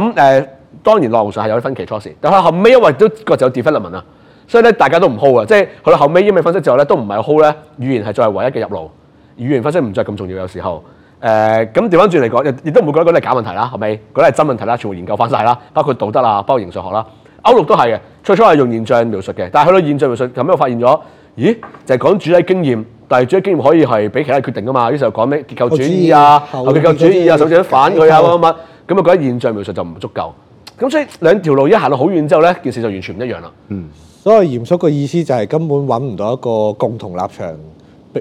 咁誒。呃當然內容上係有啲分歧初時，但係後尾因為都各自有 development 啊，所以咧大家都唔 hold 啊，即係去到後尾語義分析之後咧，都唔係 hold 咧語言係作為唯一嘅入路，語言分析唔再咁重要。有時候誒咁調翻轉嚟講，亦都唔會覺得嗰啲係假問題啦，係咪？嗰啲係真問題啦，全部研究翻晒啦，包括道德啊，包括形上學啦，歐陸都係嘅，最初係用現象描述嘅，但係去到現象描述後尾我發現咗，咦？就係講主體經驗，但係主體經驗可以係畀其他決定噶嘛？於是就講咩結構主義啊，後結構主義啊，甚至反佢啊嗰乜，咁啊覺得現象描述就唔足夠。咁所以兩條路一行到好遠之後咧，件事就完全唔一樣啦。嗯，所以嚴肅嘅意思就係根本揾唔到一個共同立場，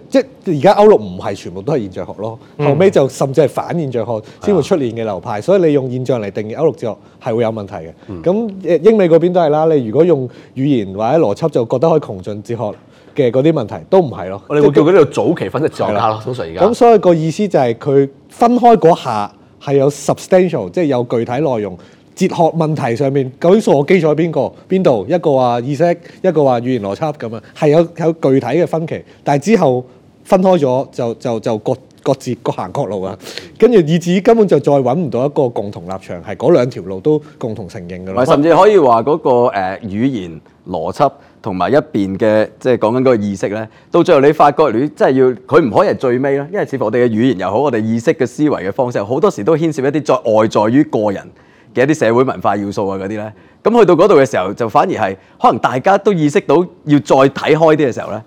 即係而家歐陸唔係全部都係現象學咯。後尾就甚至係反現象學先會出現嘅流派，所以你用現象嚟定歐陸哲學係會有問題嘅。咁、嗯、英美嗰邊都係啦。你如果用語言或者邏輯，就覺得可以窮盡哲學嘅嗰啲問題都唔係咯。我哋會叫嗰啲早期分析哲學囉。咁所以個意思就係佢分開嗰下係有 substantial，即係有具體內容。哲學問題上面究竟錯基礎喺邊個邊度？一個話意識，一個話語言邏輯咁啊，係有有具體嘅分歧。但係之後分開咗，就就就各各自各行各路啊。跟住以至於根本就再揾唔到一個共同立場，係嗰兩條路都共同承認嘅。咪甚至可以話嗰個誒語言邏輯同埋一邊嘅即係講緊嗰個意識呢。到最後你發覺你真係要佢唔可以係最尾啦，因為似乎我哋嘅語言又好，我哋意識嘅思維嘅方式好多時都牽涉一啲在外在於個人。嘅一啲社會文化要素啊，嗰啲咧，咁去到嗰度嘅時候，就反而係可能大家都意識到要再睇開啲嘅時候咧，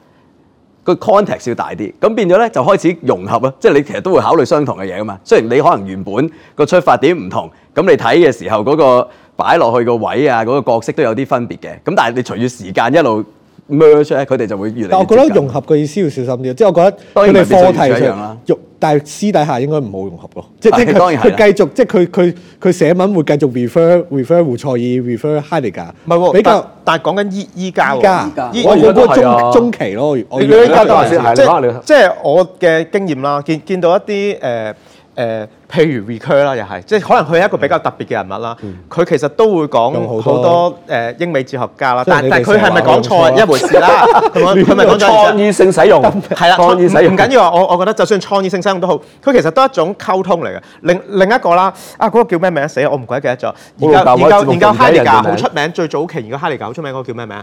個 context 要大啲，咁變咗咧就開始融合咯，即係你其實都會考慮相同嘅嘢噶嘛。雖然你可能原本個出發點唔同，咁你睇嘅時候嗰個擺落去個位啊，嗰個角色都有啲分別嘅。咁但係你隨住時間一路 merge 出嚟，佢哋就會越嚟越緊。但係我覺得融合嘅意思要小心啲，即係我覺得當然，佢哋課題上。但係私底下應該唔好融合咯，即係即係佢繼續即係佢佢佢寫文會繼續 refer refer 胡賽爾 refer 海德格，唔係是比較，但係講緊依依依家依我用覺中中期咯，依家都係即係即係我嘅經驗啦，見見到一啲誒誒譬如 recur 啦，又係，即係可能佢係一個比較特別嘅人物啦。佢其實都會講好多誒英美哲學家啦，但係佢係咪講錯一回事啦？佢咪講錯？創意性使用係啦，創意使用唔緊要，我我覺得就算創意性使用都好，佢其實都係一種溝通嚟嘅。另另一個啦，啊嗰個叫咩名，死我唔鬼記得咗。研究研究 Heidegger 好出名，最早期研究 Heidegger 噶好出名嗰個叫咩名？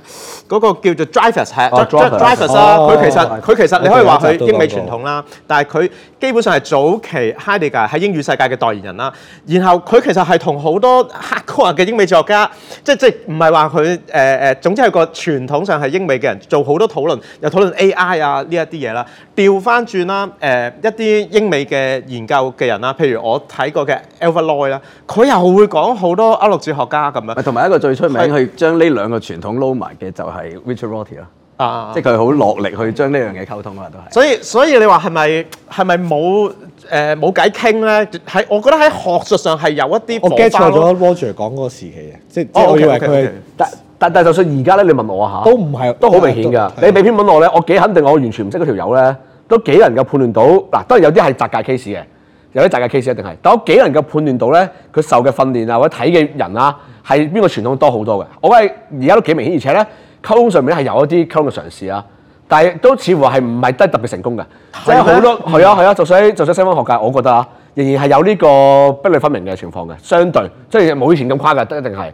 嗰個叫做 Dreyfus 係，Dreyfus 啊！佢其實佢其實你可以話佢英美傳統啦，但係佢基本上係早期 Heidegger 噶喺英語世界嘅代言人啦，然後佢其實係同好多黑國嘅英美作家，即即唔係話佢誒誒，總之係個傳統上係英美嘅人，做好多討論，又討論 A I 啊呢、呃、一啲嘢啦。調翻轉啦，誒一啲英美嘅研究嘅人啦，譬如我睇過嘅 Alva Loy 啦，佢又會講好多歐陸哲學家咁樣。同埋一個最出名是去將呢兩個傳統撈埋嘅就係 Richard Rorty 啦。啊、即係佢好落力去將呢樣嘢溝通啊，都係。所以所以你話係咪係咪冇誒冇偈傾咧？喺、呃、我覺得喺學術上係有一啲。我 guess 錯咗 Roger 講嗰個時期啊，即係我以為佢係，哦、okay, okay, okay, okay. 但但但就算而家咧，你問我下都唔係都好明顯㗎。你俾篇文我咧，我幾肯定，我完全唔識嗰條友咧，都幾能夠判斷到。嗱，當然有啲係雜界 case 嘅，有啲雜界 case 一定係，但我幾能夠判斷到咧，佢受嘅訓練啊或者睇嘅人啊，係邊個傳統多好多嘅。我覺得而家都幾明顯，而且咧。溝通上面咧係有一啲溝通嘅嘗試啊，但係都似乎係唔係得特別成功嘅。即係好多係啊係啊，啊，就算就算西方學界，我覺得啊，仍然係有呢個不兩分明嘅情況嘅。相對即係冇以前咁誇嘅，一定係。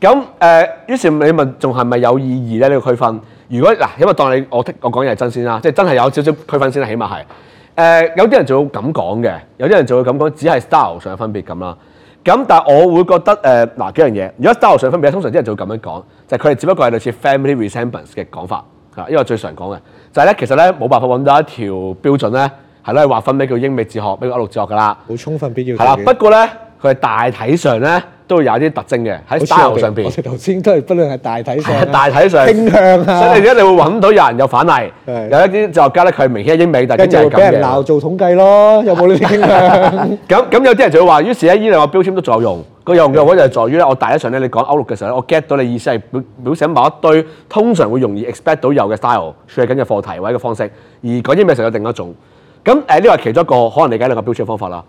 咁誒、呃，於是你問仲係咪有意義咧呢、呢個區分？如果嗱、啊，因為當你我我講嘢係真先啦，即係真係有少少區分先啦，起碼係。誒、呃、有啲人就會咁講嘅，有啲人就會咁講，只係 style 上有分別咁啦。咁但係我會覺得誒，嗱、呃、幾樣嘢，如果 style 上分別，通常啲人就會咁樣講，就係佢哋只不過係類似 family resemblance 嘅講法，因為最常講嘅就係、是、咧，其實咧冇辦法搵到一條標準咧，係啦劃分俾叫英美哲學，俾個歐陸哲學㗎啦，好充分必要，係啦，不過咧佢係大體上咧。都會有一啲特徵嘅喺 style 上邊面。我哋頭先都係不論係大、啊、 大體上、大傾向啊，所以咧你會揾到有人有反例，的有一啲就家得佢明顯係英美的，但係就係咁嘅。俾人鬧做統計咯，有冇呢啲傾向？咁咁 有啲人就會話：，於是咧呢兩個標籤都仲有用。個的用嘅嗰就係在於咧，我大體上咧你講歐陸嘅時候咧，我 get 到你意思係表表示某一堆通常會容易 expect 到有嘅 style 處理緊嘅課題或者嘅方式。而講英美成有另一種。咁誒呢個係其中一個可能理解兩個標籤方法啦。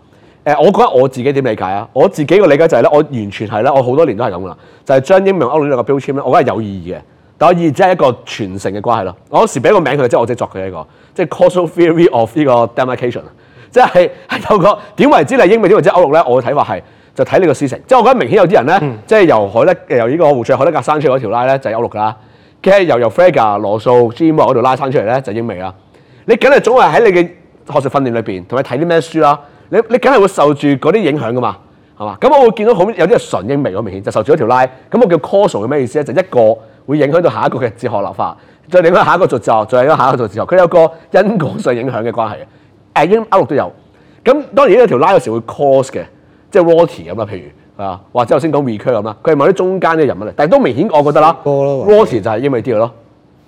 誒，我覺得我自己點理解啊？我自己個理解就係、是、咧，我完全係咧，我好多年都係咁噶啦，就係、是、將英文歐陸兩個標籤咧，我覺得係有意義嘅。但我意思即係一個傳承嘅關係咯。我嗰時俾個名佢，即、就、係、是、我即係作佢一個，即、就、係、是、Causal Theory of 呢個 Demarcation，即係、就、係、是、透過點為之係英美，點為之歐陸咧？我嘅睇法係就睇你個師承，即、就、係、是、我覺得明顯有啲人咧，嗯、即係由海德由呢個胡塞海德格生出嗰條拉咧，就係歐陸噶啦。其實由由 Frege 羅素 Gibbs 嗰度拉生出嚟咧，就係英美啦。你梗係總係喺你嘅學術訓練裏邊同埋睇啲咩書啦。你你梗係會受住嗰啲影響噶嘛，係嘛？咁我會見到好有啲係純英美好明顯，就受住一條拉，咁我叫 causal 嘅咩意思咧？就是、一個會影響到下一個嘅哲學立法，再影響下一個做哲學，再影響下一個做哲學。佢有個因果性影響嘅關係嘅，誒、 啊、英歐陸、啊、都有。咁當然有條拉嘅時候會 cause 嘅，即係 Rorty 咁啦。譬如啊，或者我先講 recur 咁啦，佢係某啲中間嘅人物嚟，但係都明顯我覺得啦。多咯 Rorty 就係英美啲咯，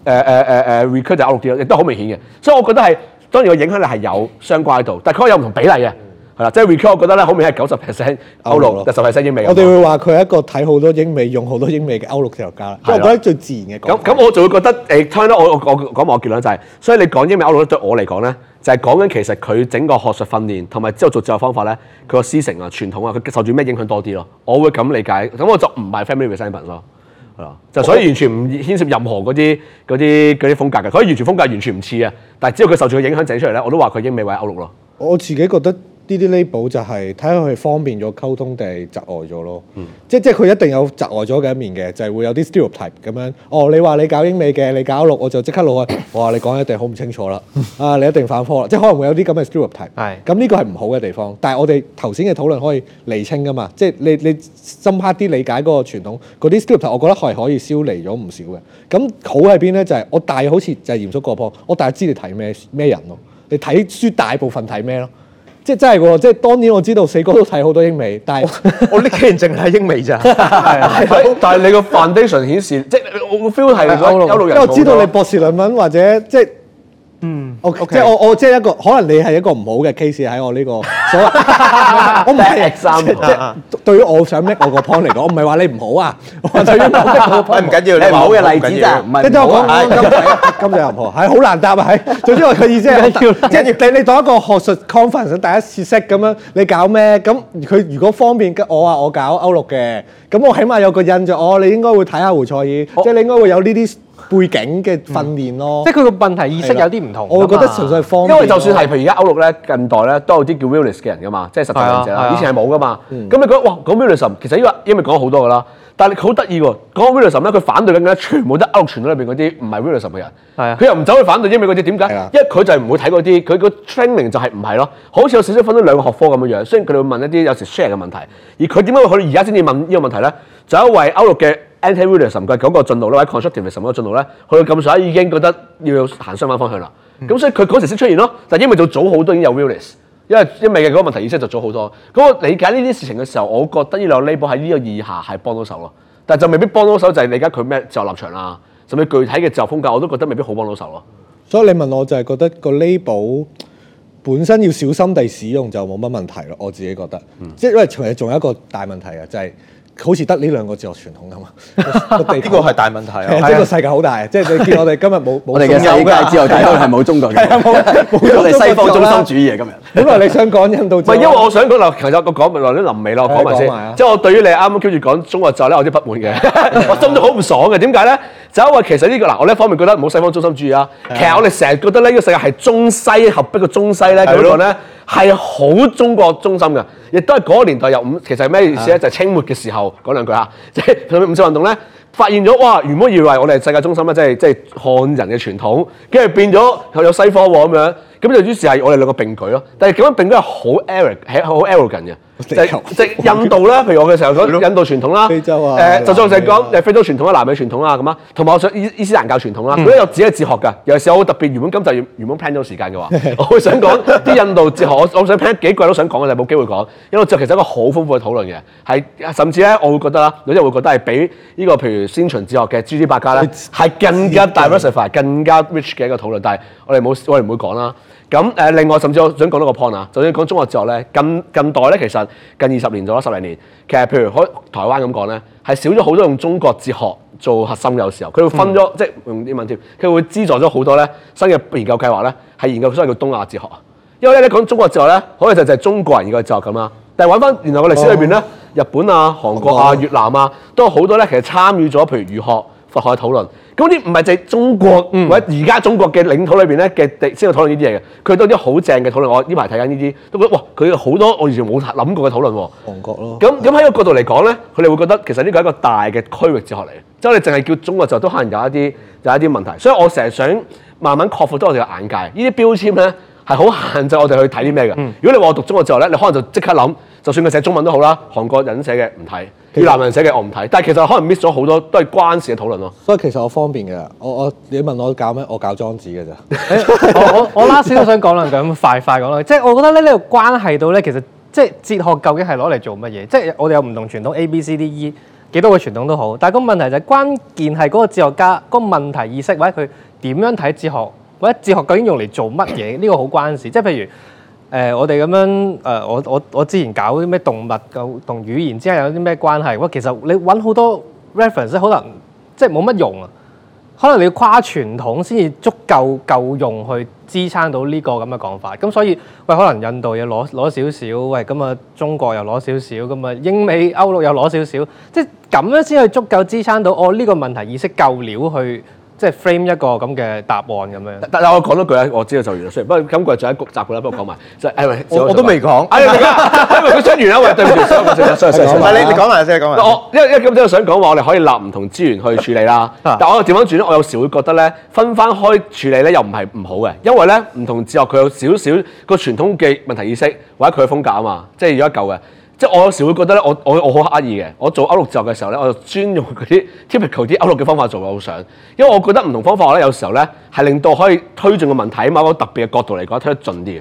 誒誒誒誒 recur 就歐陸啲咯，亦都好明顯嘅。所以我覺得係當然個影響力係有相關喺度，但係佢有唔同比例嘅。係啦，即係 recall，我覺得咧，好明顯係九十 percent 歐陸咯，十 percent 英美。六我哋會話佢係一個睇好多英美、用好多英美嘅歐陸嘅哲學家，的我覺得最自然嘅講法。咁我就會覺得誒、呃，聽到我我我，我，我講埋我結論就係、是、所以你講英美歐陸咧，對我嚟講咧，就係講緊其實佢整個學術訓練同埋之後做哲學方法咧，佢個師承啊、傳統啊，佢受住咩影響多啲咯。我會咁理解，咁我就唔係 family resemblance 咯，係啦，就所以完全唔牽涉任何嗰啲啲啲風格嘅，佢完全風格完全唔似啊。但係只要佢受住個影響整出嚟咧，我都話佢英美或者歐陸咯。我自己覺得。呢啲 label 就係睇下佢方便咗溝通定係窒礙咗咯。嗯即，即即係佢一定有窒礙咗嘅一面嘅，就係、是、會有啲 stereotype 咁樣。哦，你話你搞英美嘅，你搞歐陸我就即刻腦海，我、哦、話你講一定好唔清楚啦。 啊，你一定反科啦，即係可能會有啲咁嘅 stereotype。係咁，是呢個係唔好嘅地方，但係我哋頭先嘅討論可以釐清㗎嘛？即係你你深刻啲理解嗰個傳統嗰啲 stereotype，我覺得係可以消離咗唔少嘅。咁好喺邊咧？就係、是、我大好似就係嚴肅過坡，我大知道你睇咩咩人咯，你睇書大部分睇咩咯？即係真係喎！即係當年我知道四哥都睇好多英美，但係我呢幾年淨係睇英美咋。係啊，但係你個 foundation 顯示， 即係我 feel 係歐陸人。因為我知道你博士論文或者即係。嗯，OK，即係我我即係一個可能你係一個唔好嘅 case 喺我呢個，我唔係擔心。即對於我想 make 我個 point 嚟講，我唔係話你唔好啊。我唔緊要，你唔好嘅例子唔係唔好。今日今日阿婆係好難答啊！係，總之我嘅意思係，即係你你當一個學術 conference 第一次識，咁樣，你搞咩？咁佢如果方便，我話我搞歐陸嘅，咁我起碼有個印象，我你應該會睇下胡塞爾，即係你應該會有呢啲。背景嘅訓練咯，嗯，即係佢個問題意識有啲唔同，我會覺得純粹係方便。因為就算係譬如而家歐陸咧，近代咧都有啲叫 realist 嘅人噶嘛，即係實質論者。是的是的以前係冇噶嘛，咁、嗯、你覺得，哇講 realism 其實因為英美講好多噶啦。但係好得意喎，講 realism 咧，佢反對緊咧，全部都係歐陸傳統裏邊嗰啲唔係 realism 嘅人。係啊的，佢又唔走去反對英的美嗰啲，點解？因為佢就係唔會睇嗰啲，佢個 training 就係唔係咯。好似有少少分咗兩個學科咁樣樣，雖然佢哋會問一啲有時 share 嘅問題，而佢點解佢而家先至問呢個問題咧？就因為歐陸嘅。Anti-realism 甚麼嗰個進路咧，或者 Constructive 甚麼進路咧，佢咁上下已經覺得要行相反方向啦。咁、嗯、所以佢嗰時先出現咯。但係因為就早好多已經有 realism，因為因為嘅嗰個問題意識就早好多。咁我理解呢啲事情嘅時候，我覺得呢兩 label 喺呢個意義下係幫到手咯。但係就未必幫到手，就係理解佢咩就立場啦，甚至具體嘅就風格，我都覺得未必好幫到手咯。所以你問我就係覺得個 label 本身要小心地使用就冇乜問題咯。我自己覺得，即係、嗯、因為其實仲有一個大問題嘅就係、是。好似得呢兩個哲學傳統咁嘛？呢個係大問題啊！即係個世界好大，啊！即係你見我哋今日冇冇。我哋嘅世界只有大陸係冇中國嘅。我哋西方中心主義啊！今日。因為你想講印度？唔係，因為我想講，其實我講咪落啲臨尾咯，講埋先。即係我對於你啱啱跟住講中國就咧，我有啲不滿嘅，我心都好唔爽嘅。點解咧？就因為其實呢個嗱，我呢一方面覺得冇西方中心主義啊。其實我哋成日覺得呢個世界係中西合璧嘅中西咧，咁講咧係好中國中心嘅。亦都係嗰個年代入五，其實係咩意思咧？啊、就係清末嘅時候講兩句啊，即係五四運動咧。發現咗哇，原本以為我哋係世界中心咧，即係即係漢人嘅傳統，跟住變咗又有西方喎咁樣，咁就於是係我哋兩個並舉咯。但係咁樣定都係好 error 係好 erroneous 嘅。即係即係印度咧，譬如我嘅時候講印度傳統啦，誒、啊，呃啊、就再成講非洲傳統啦、啊、南美傳統啦咁啊。同埋我想伊斯伊斯蘭教傳統啦、啊，如果有自己嘅哲學㗎。尤其是我特別原本今集原本 plan 咗時間嘅話， 我會想講啲印度哲學，我想 plan 幾季都想講嘅，但冇機會講，因為我其實一個好豐富嘅討論嘅，甚至咧我會覺得啦，有啲人會覺得係比呢、這個譬如。先秦哲學嘅諸子百家咧，係更加 diversify、更加 rich 嘅一個討論。但係我哋冇，我哋唔會講啦。咁誒、呃，另外甚至我想講多個 point 啊。就算講中國哲學咧，近近代咧，其實近二十年咗，十零年，其實譬如可台灣咁講咧，係少咗好多用中國哲學做核心嘅有時候，佢會分咗，嗯、即係用英文添，佢會資助咗好多咧新嘅研究計劃咧，係研究所謂叫東亞哲學啊。因為咧，講中國哲學咧，可能就就係中國人嘅哲學咁啦。但係揾翻原來個歷史裏邊咧，哦、日本啊、韓國啊、國啊越南啊，都有好多咧，其實參與咗譬如儒學、佛學嘅討論。咁啲唔係淨係中國、嗯、或者而家中國嘅領土裏邊咧嘅地先有討論呢啲嘢嘅。佢都有啲好正嘅討論。我呢排睇緊呢啲都覺得哇，佢好多我完全冇諗過嘅討論。韓國咯。咁咁喺個角度嚟講咧，佢哋會覺得其實呢個係一個大嘅區域哲學嚟。即係我哋淨係叫中國就都可能有一啲有一啲問題。所以我成日想慢慢擴闊多我哋嘅眼界。呢啲標籤咧。係好限制我哋去睇啲咩嘅。如果你話我讀中國哲學咧，你可能就即刻諗，就算佢寫中文都好啦，韓國人寫嘅唔睇，越南人寫嘅我唔睇。但其實可能 miss 咗好多都係關事嘅討論咯。所以其實我方便嘅，我我你問我教咩？我教莊子嘅咋。我我我 last 都想講兩句，咁 快快講落去。即係我覺得咧呢個關係到咧，其實即係哲學究竟係攞嚟做乜嘢？即係我哋有唔同傳統 A、B、C、D、E 幾多個傳統都好，但係個問題就係關鍵係嗰個哲學家嗰個問題意識或者佢點樣睇哲學。或者哲學究竟用嚟做乜嘢？呢個好關事。即係譬如，誒、呃、我哋咁樣，誒、呃、我我我之前搞啲咩動物嘅同語言之間有啲咩關係？喂，其實你揾好多 reference，可能即係冇乜用啊。可能你要跨傳統先至足夠夠用去支撐到呢個咁嘅講法。咁所以，喂，可能印度又攞攞少少，喂，咁啊中國又攞少少，咁啊英美歐陸又攞少少。即係咁樣先可以足夠支撐到哦呢個問題意識夠料去。即係 frame 一個咁嘅答案咁樣，但係我講多句啊！我知道就完啦，雖然不過今季仲係複雜嘅啦，不過講埋。即係完，因為我我都未講，出完啦，喂，對唔住，sorry，sorry，sorry，但係你講埋先，講埋。我因為因為咁即係想講話，我哋可以立唔同資源去處理啦。 但我又調翻轉咧，我有時會覺得咧分翻開處理咧又唔係唔好嘅，因為咧唔同哲學佢有少少個傳統嘅問題意識或者佢嘅風格啊嘛，即係有一嚿嘅。即係我有時會覺得咧，我我我好刻意嘅。我做歐陸教嘅時候咧，我就專用嗰啲 typical 啲歐陸嘅方法做我嘅上，因為我覺得唔同方法咧，有時候咧係令到可以推進個問題，某個特別嘅角度嚟講推得進啲嘅。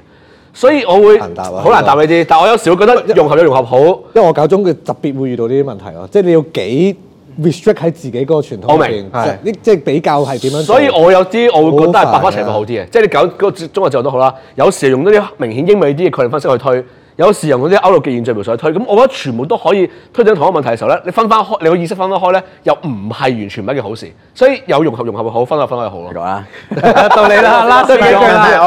所以我會好難答你啲，但我有時會覺得融合咗融合好，因為我搞中嘅特別會遇到呢啲問題咯，即係你要幾 restrict 喺自己嗰個傳統邊，我明，即係比較係點樣。所以我有啲我會覺得係百花齊放好啲嘅，煩的即係你搞嗰個中學教都好啦，有時用多啲明顯英美啲嘅概念分析去推。有時用嗰啲歐陸嘅現象嚟所推，咁我覺得全部都可以推進同一個問題嘅時候咧，你分翻開，你個意識分得開咧，又唔係完全唔係一件好事，所以有融合融合好，分開分開又好咯。到你啦，啦， 我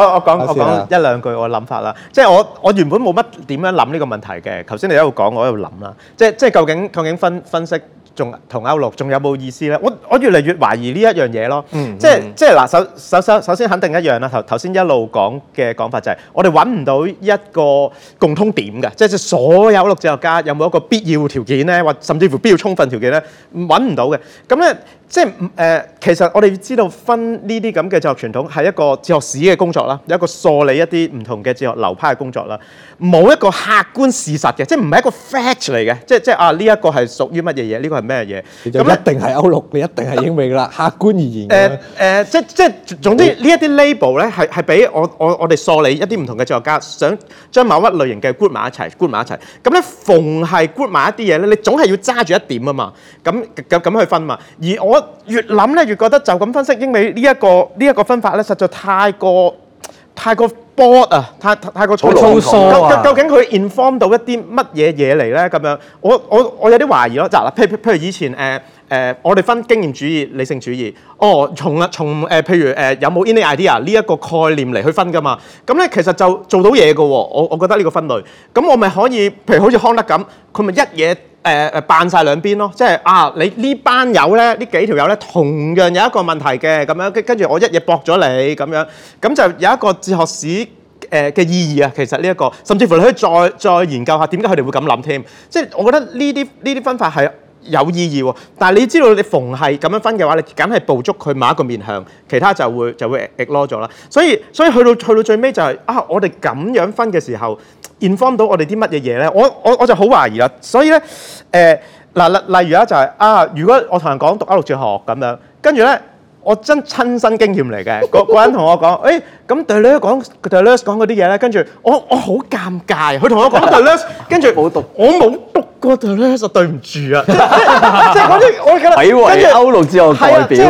我我講我講一兩句我諗法啦，即係我我原本冇乜點樣諗呢個問題嘅，頭先你喺度講，我喺度諗啦，即即係究竟究竟分分析，仲同歐陸仲有冇意思咧？我我越嚟越懷疑呢一樣嘢咯。嗯嗯即係即係嗱，首首首首先肯定一樣啦。頭頭先一路講嘅講法就係，我哋揾唔到一個共通點嘅，即係所有歐陸哲學家有冇一個必要條件咧，或甚至乎必要充分條件咧，揾唔到嘅。咁咧。即係唔誒，其實我哋要知道分呢啲咁嘅哲學傳統係一個哲學史嘅工作啦，有一個梳理一啲唔同嘅哲學流派嘅工作啦，冇一個客觀事實嘅，即係唔係一個 fact 嚟嘅，即係即係啊呢一個係屬於乜嘢嘢？呢個係咩嘢？就一定係歐陸嘅，你一定係英美嘅啦。客觀而言嘅誒誒，即係即係總之呢一啲 label 咧係係俾我我我哋梳理一啲唔同嘅哲學家，想將某一類型嘅 group 埋一齊，group 埋一齊。咁咧逢係 group 埋一啲嘢咧，你總係要揸住一點啊嘛，咁咁咁去分啊嘛。而我。越諗咧，越覺得就咁分析英美呢、呢、一個呢一、呢個分法咧，實在太過太過 b o 啊，太太過粗魯。究竟究竟佢 inform 到一啲乜嘢嘢嚟咧？咁樣，我我我有啲懷疑咯。嗱，啦，譬如譬如以前誒。呃誒、呃，我哋分經驗主義、理性主義，哦，從啊從誒、呃，譬如誒、呃，有冇 innate idea 呢一個概念嚟去分㗎嘛？咁咧，其實就做到嘢㗎喎。我我覺得呢個分類，咁我咪可以，譬如好似康德咁，佢咪一嘢誒誒扮晒兩邊咯，即係啊，你這班呢班友咧，呢幾條友咧，同樣有一個問題嘅，咁樣跟住我一嘢駁咗你咁樣，咁就有一個哲學史誒嘅、呃、意義啊。其實呢、這、一個，甚至乎你可以再再研究下點解佢哋會咁諗添。即係我覺得呢啲呢啲分法係，有意義喎，但係你知道你逢係咁樣分嘅話，你梗係捕捉佢某一個面向，其他就會就會 ignore 咗啦。所以所以去到去到最尾就係、是、啊，我哋咁樣分嘅時候，inform 到我哋啲乜嘢嘢咧？我我我就好懷疑啦。所以咧誒嗱例例如啦、就是，就係啊，如果我同人講讀歐陸哲學咁樣，跟住咧。我真親身經驗嚟嘅，個個人同我講，誒咁對聯講對聯講嗰啲嘢咧，跟住我我好尷尬，佢同我講對聯，跟住我冇讀，我冇讀過對聯就對唔住啊！即係即係嗰啲我鬼遺歐陸之後嘅表，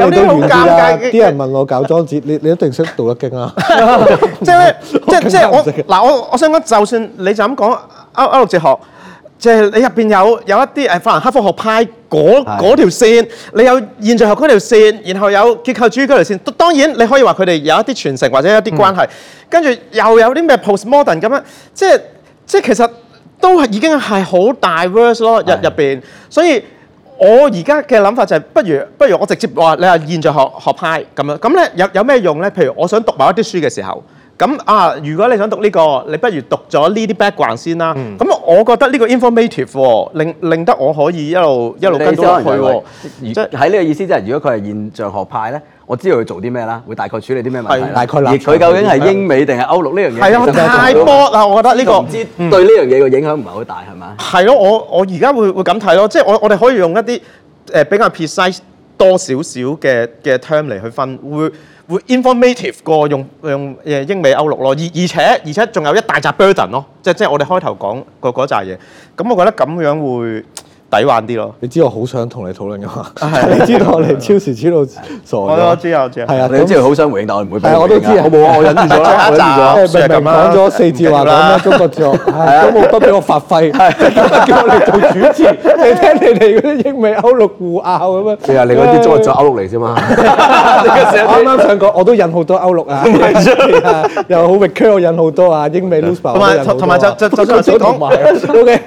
有啲好尷尬嘅。啲人問我搞莊子，你你一定識讀道德經啊！即係即即即我嗱，我我想講，就算你就咁講歐歐陸哲學。即係你入邊有有一啲係法蘭克福學派嗰嗰是的 條線，你有現象學嗰條線，然後有結構主義嗰條線。當然你可以話佢哋有一啲傳承或者一啲關係。跟住、嗯、又有啲咩 postmodern 咁樣，即係即係其實都係已經係好 diverse 咯入入邊。所以我而家嘅諗法就係、是、不如不如我直接話你話現象學學派咁樣咁咧有有咩用咧？譬如我想讀某一啲書嘅時候。咁啊，如果你想讀呢個，你不如讀咗呢啲 background 先啦。咁、嗯、我覺得呢個 informative、哦、令令得我可以一路一路跟到落去。喺呢、即係、個意思、即係，即係如果佢係現象學派咧，就是、我知道佢做啲咩啦，會大概處理啲咩問題。係的大概啦。而佢究竟係英美定係的歐陸呢樣嘢？係啊的，的太多啦我覺得呢個唔知對呢樣嘢嘅影響唔係好大係咪？係咯，我我而家會會咁睇咯，即係我我哋可以用一啲誒比較 precise 多少少嘅嘅 term 嚟去分會。會 informative 過用用誒英美歐陸咯，而且而且而且仲有一大扎 burden 咯，即即我哋開頭講過嗰扎嘢，咁我覺得咁樣會。抵玩啲咯！你知我好想同你討論嘅嘛？係，你知道我嚟超時知道傻。我都知，我都知。係啊，你知我好想回應，但我唔會俾。我都知我冇啊！我忍咗啦，忍咗。明明講咗四字話講咩？中國作，都冇得俾我發揮。叫我哋做主持，你聽你哋嗰啲英美歐陸互拗咁啊？你你嗰啲中國作歐陸嚟啫嘛？你啱啱想講，我都引好多歐陸啊！唔係又好 v i c a 引好多啊，英美同埋，c i 同埋同埋 OK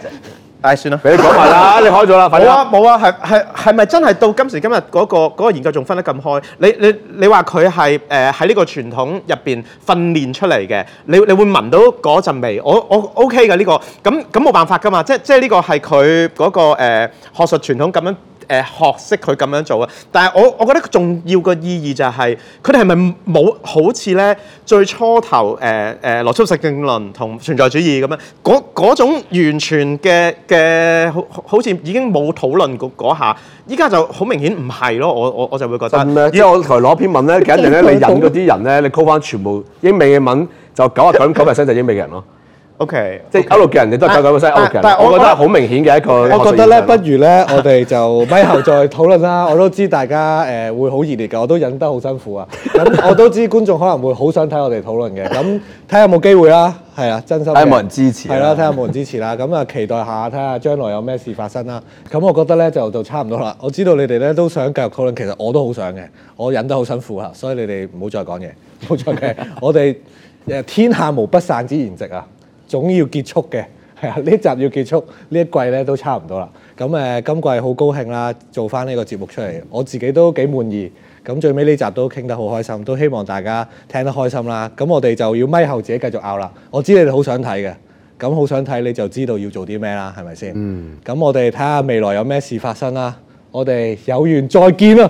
唉，算啦，俾 你講埋啦，你開咗啦，反正冇啊冇啊，係係係咪真係到今時今日嗰個嗰個研究仲分得咁開？你你你話佢係誒喺呢個傳統入邊訓練出嚟嘅，你你會聞到嗰陣味，我我 OK 嘅呢個，咁咁冇辦法㗎嘛，即即係呢個係佢嗰個誒、呃、學術傳統咁樣。誒學識佢咁樣做啊！但係我我覺得重要嘅意義就係佢哋係咪冇好似咧，最初頭誒誒、呃呃、邏輯實證論同存在主義咁樣嗰種完全嘅嘅好似已經冇討論局嗰下，依家就好明顯唔係咯！我我我就會覺得，即係嗎我台攞篇文咧，記一咧，你引嗰啲人咧，你 call 翻全部英美嘅文，就九十九 percent 就係、英美嘅人咯。 O Okay , K，okay，即係一路嘅人，你都九夠夠犀 O K，但我覺得好明顯嘅一個。我覺得咧，不如咧，我哋就咪後再討論啦。 我都知大家誒會好熱烈嘅，我都忍得好辛苦啊。咁 我都知觀眾可能會好想睇我哋討論嘅，咁睇下有冇機會啦。係啊，真心睇下冇人支持，係啦，睇下冇人支持啦。咁啊，期待下睇下將來有咩事發生啦。咁我覺得咧就就差唔多啦。我知道你哋咧都想繼續討論，其實我都好想嘅，我忍得好辛苦啊，所以你哋唔好再講嘢，冇錯嘅。我哋誒天下無不散之筵席啊！總要結束嘅，係啊！呢集要結束，呢一季咧都差唔多啦。咁誒，今季好高興啦，做翻呢個節目出嚟，我自己都幾滿意。咁最尾呢集都傾得好開心，都希望大家聽得開心啦。咁我哋就要咪後自己繼續拗啦。我知你哋好想睇嘅，咁好想睇你就知道要做啲咩啦，係咪先？嗯。咁我哋睇下未來有咩事發生啦。我哋有緣再見啦。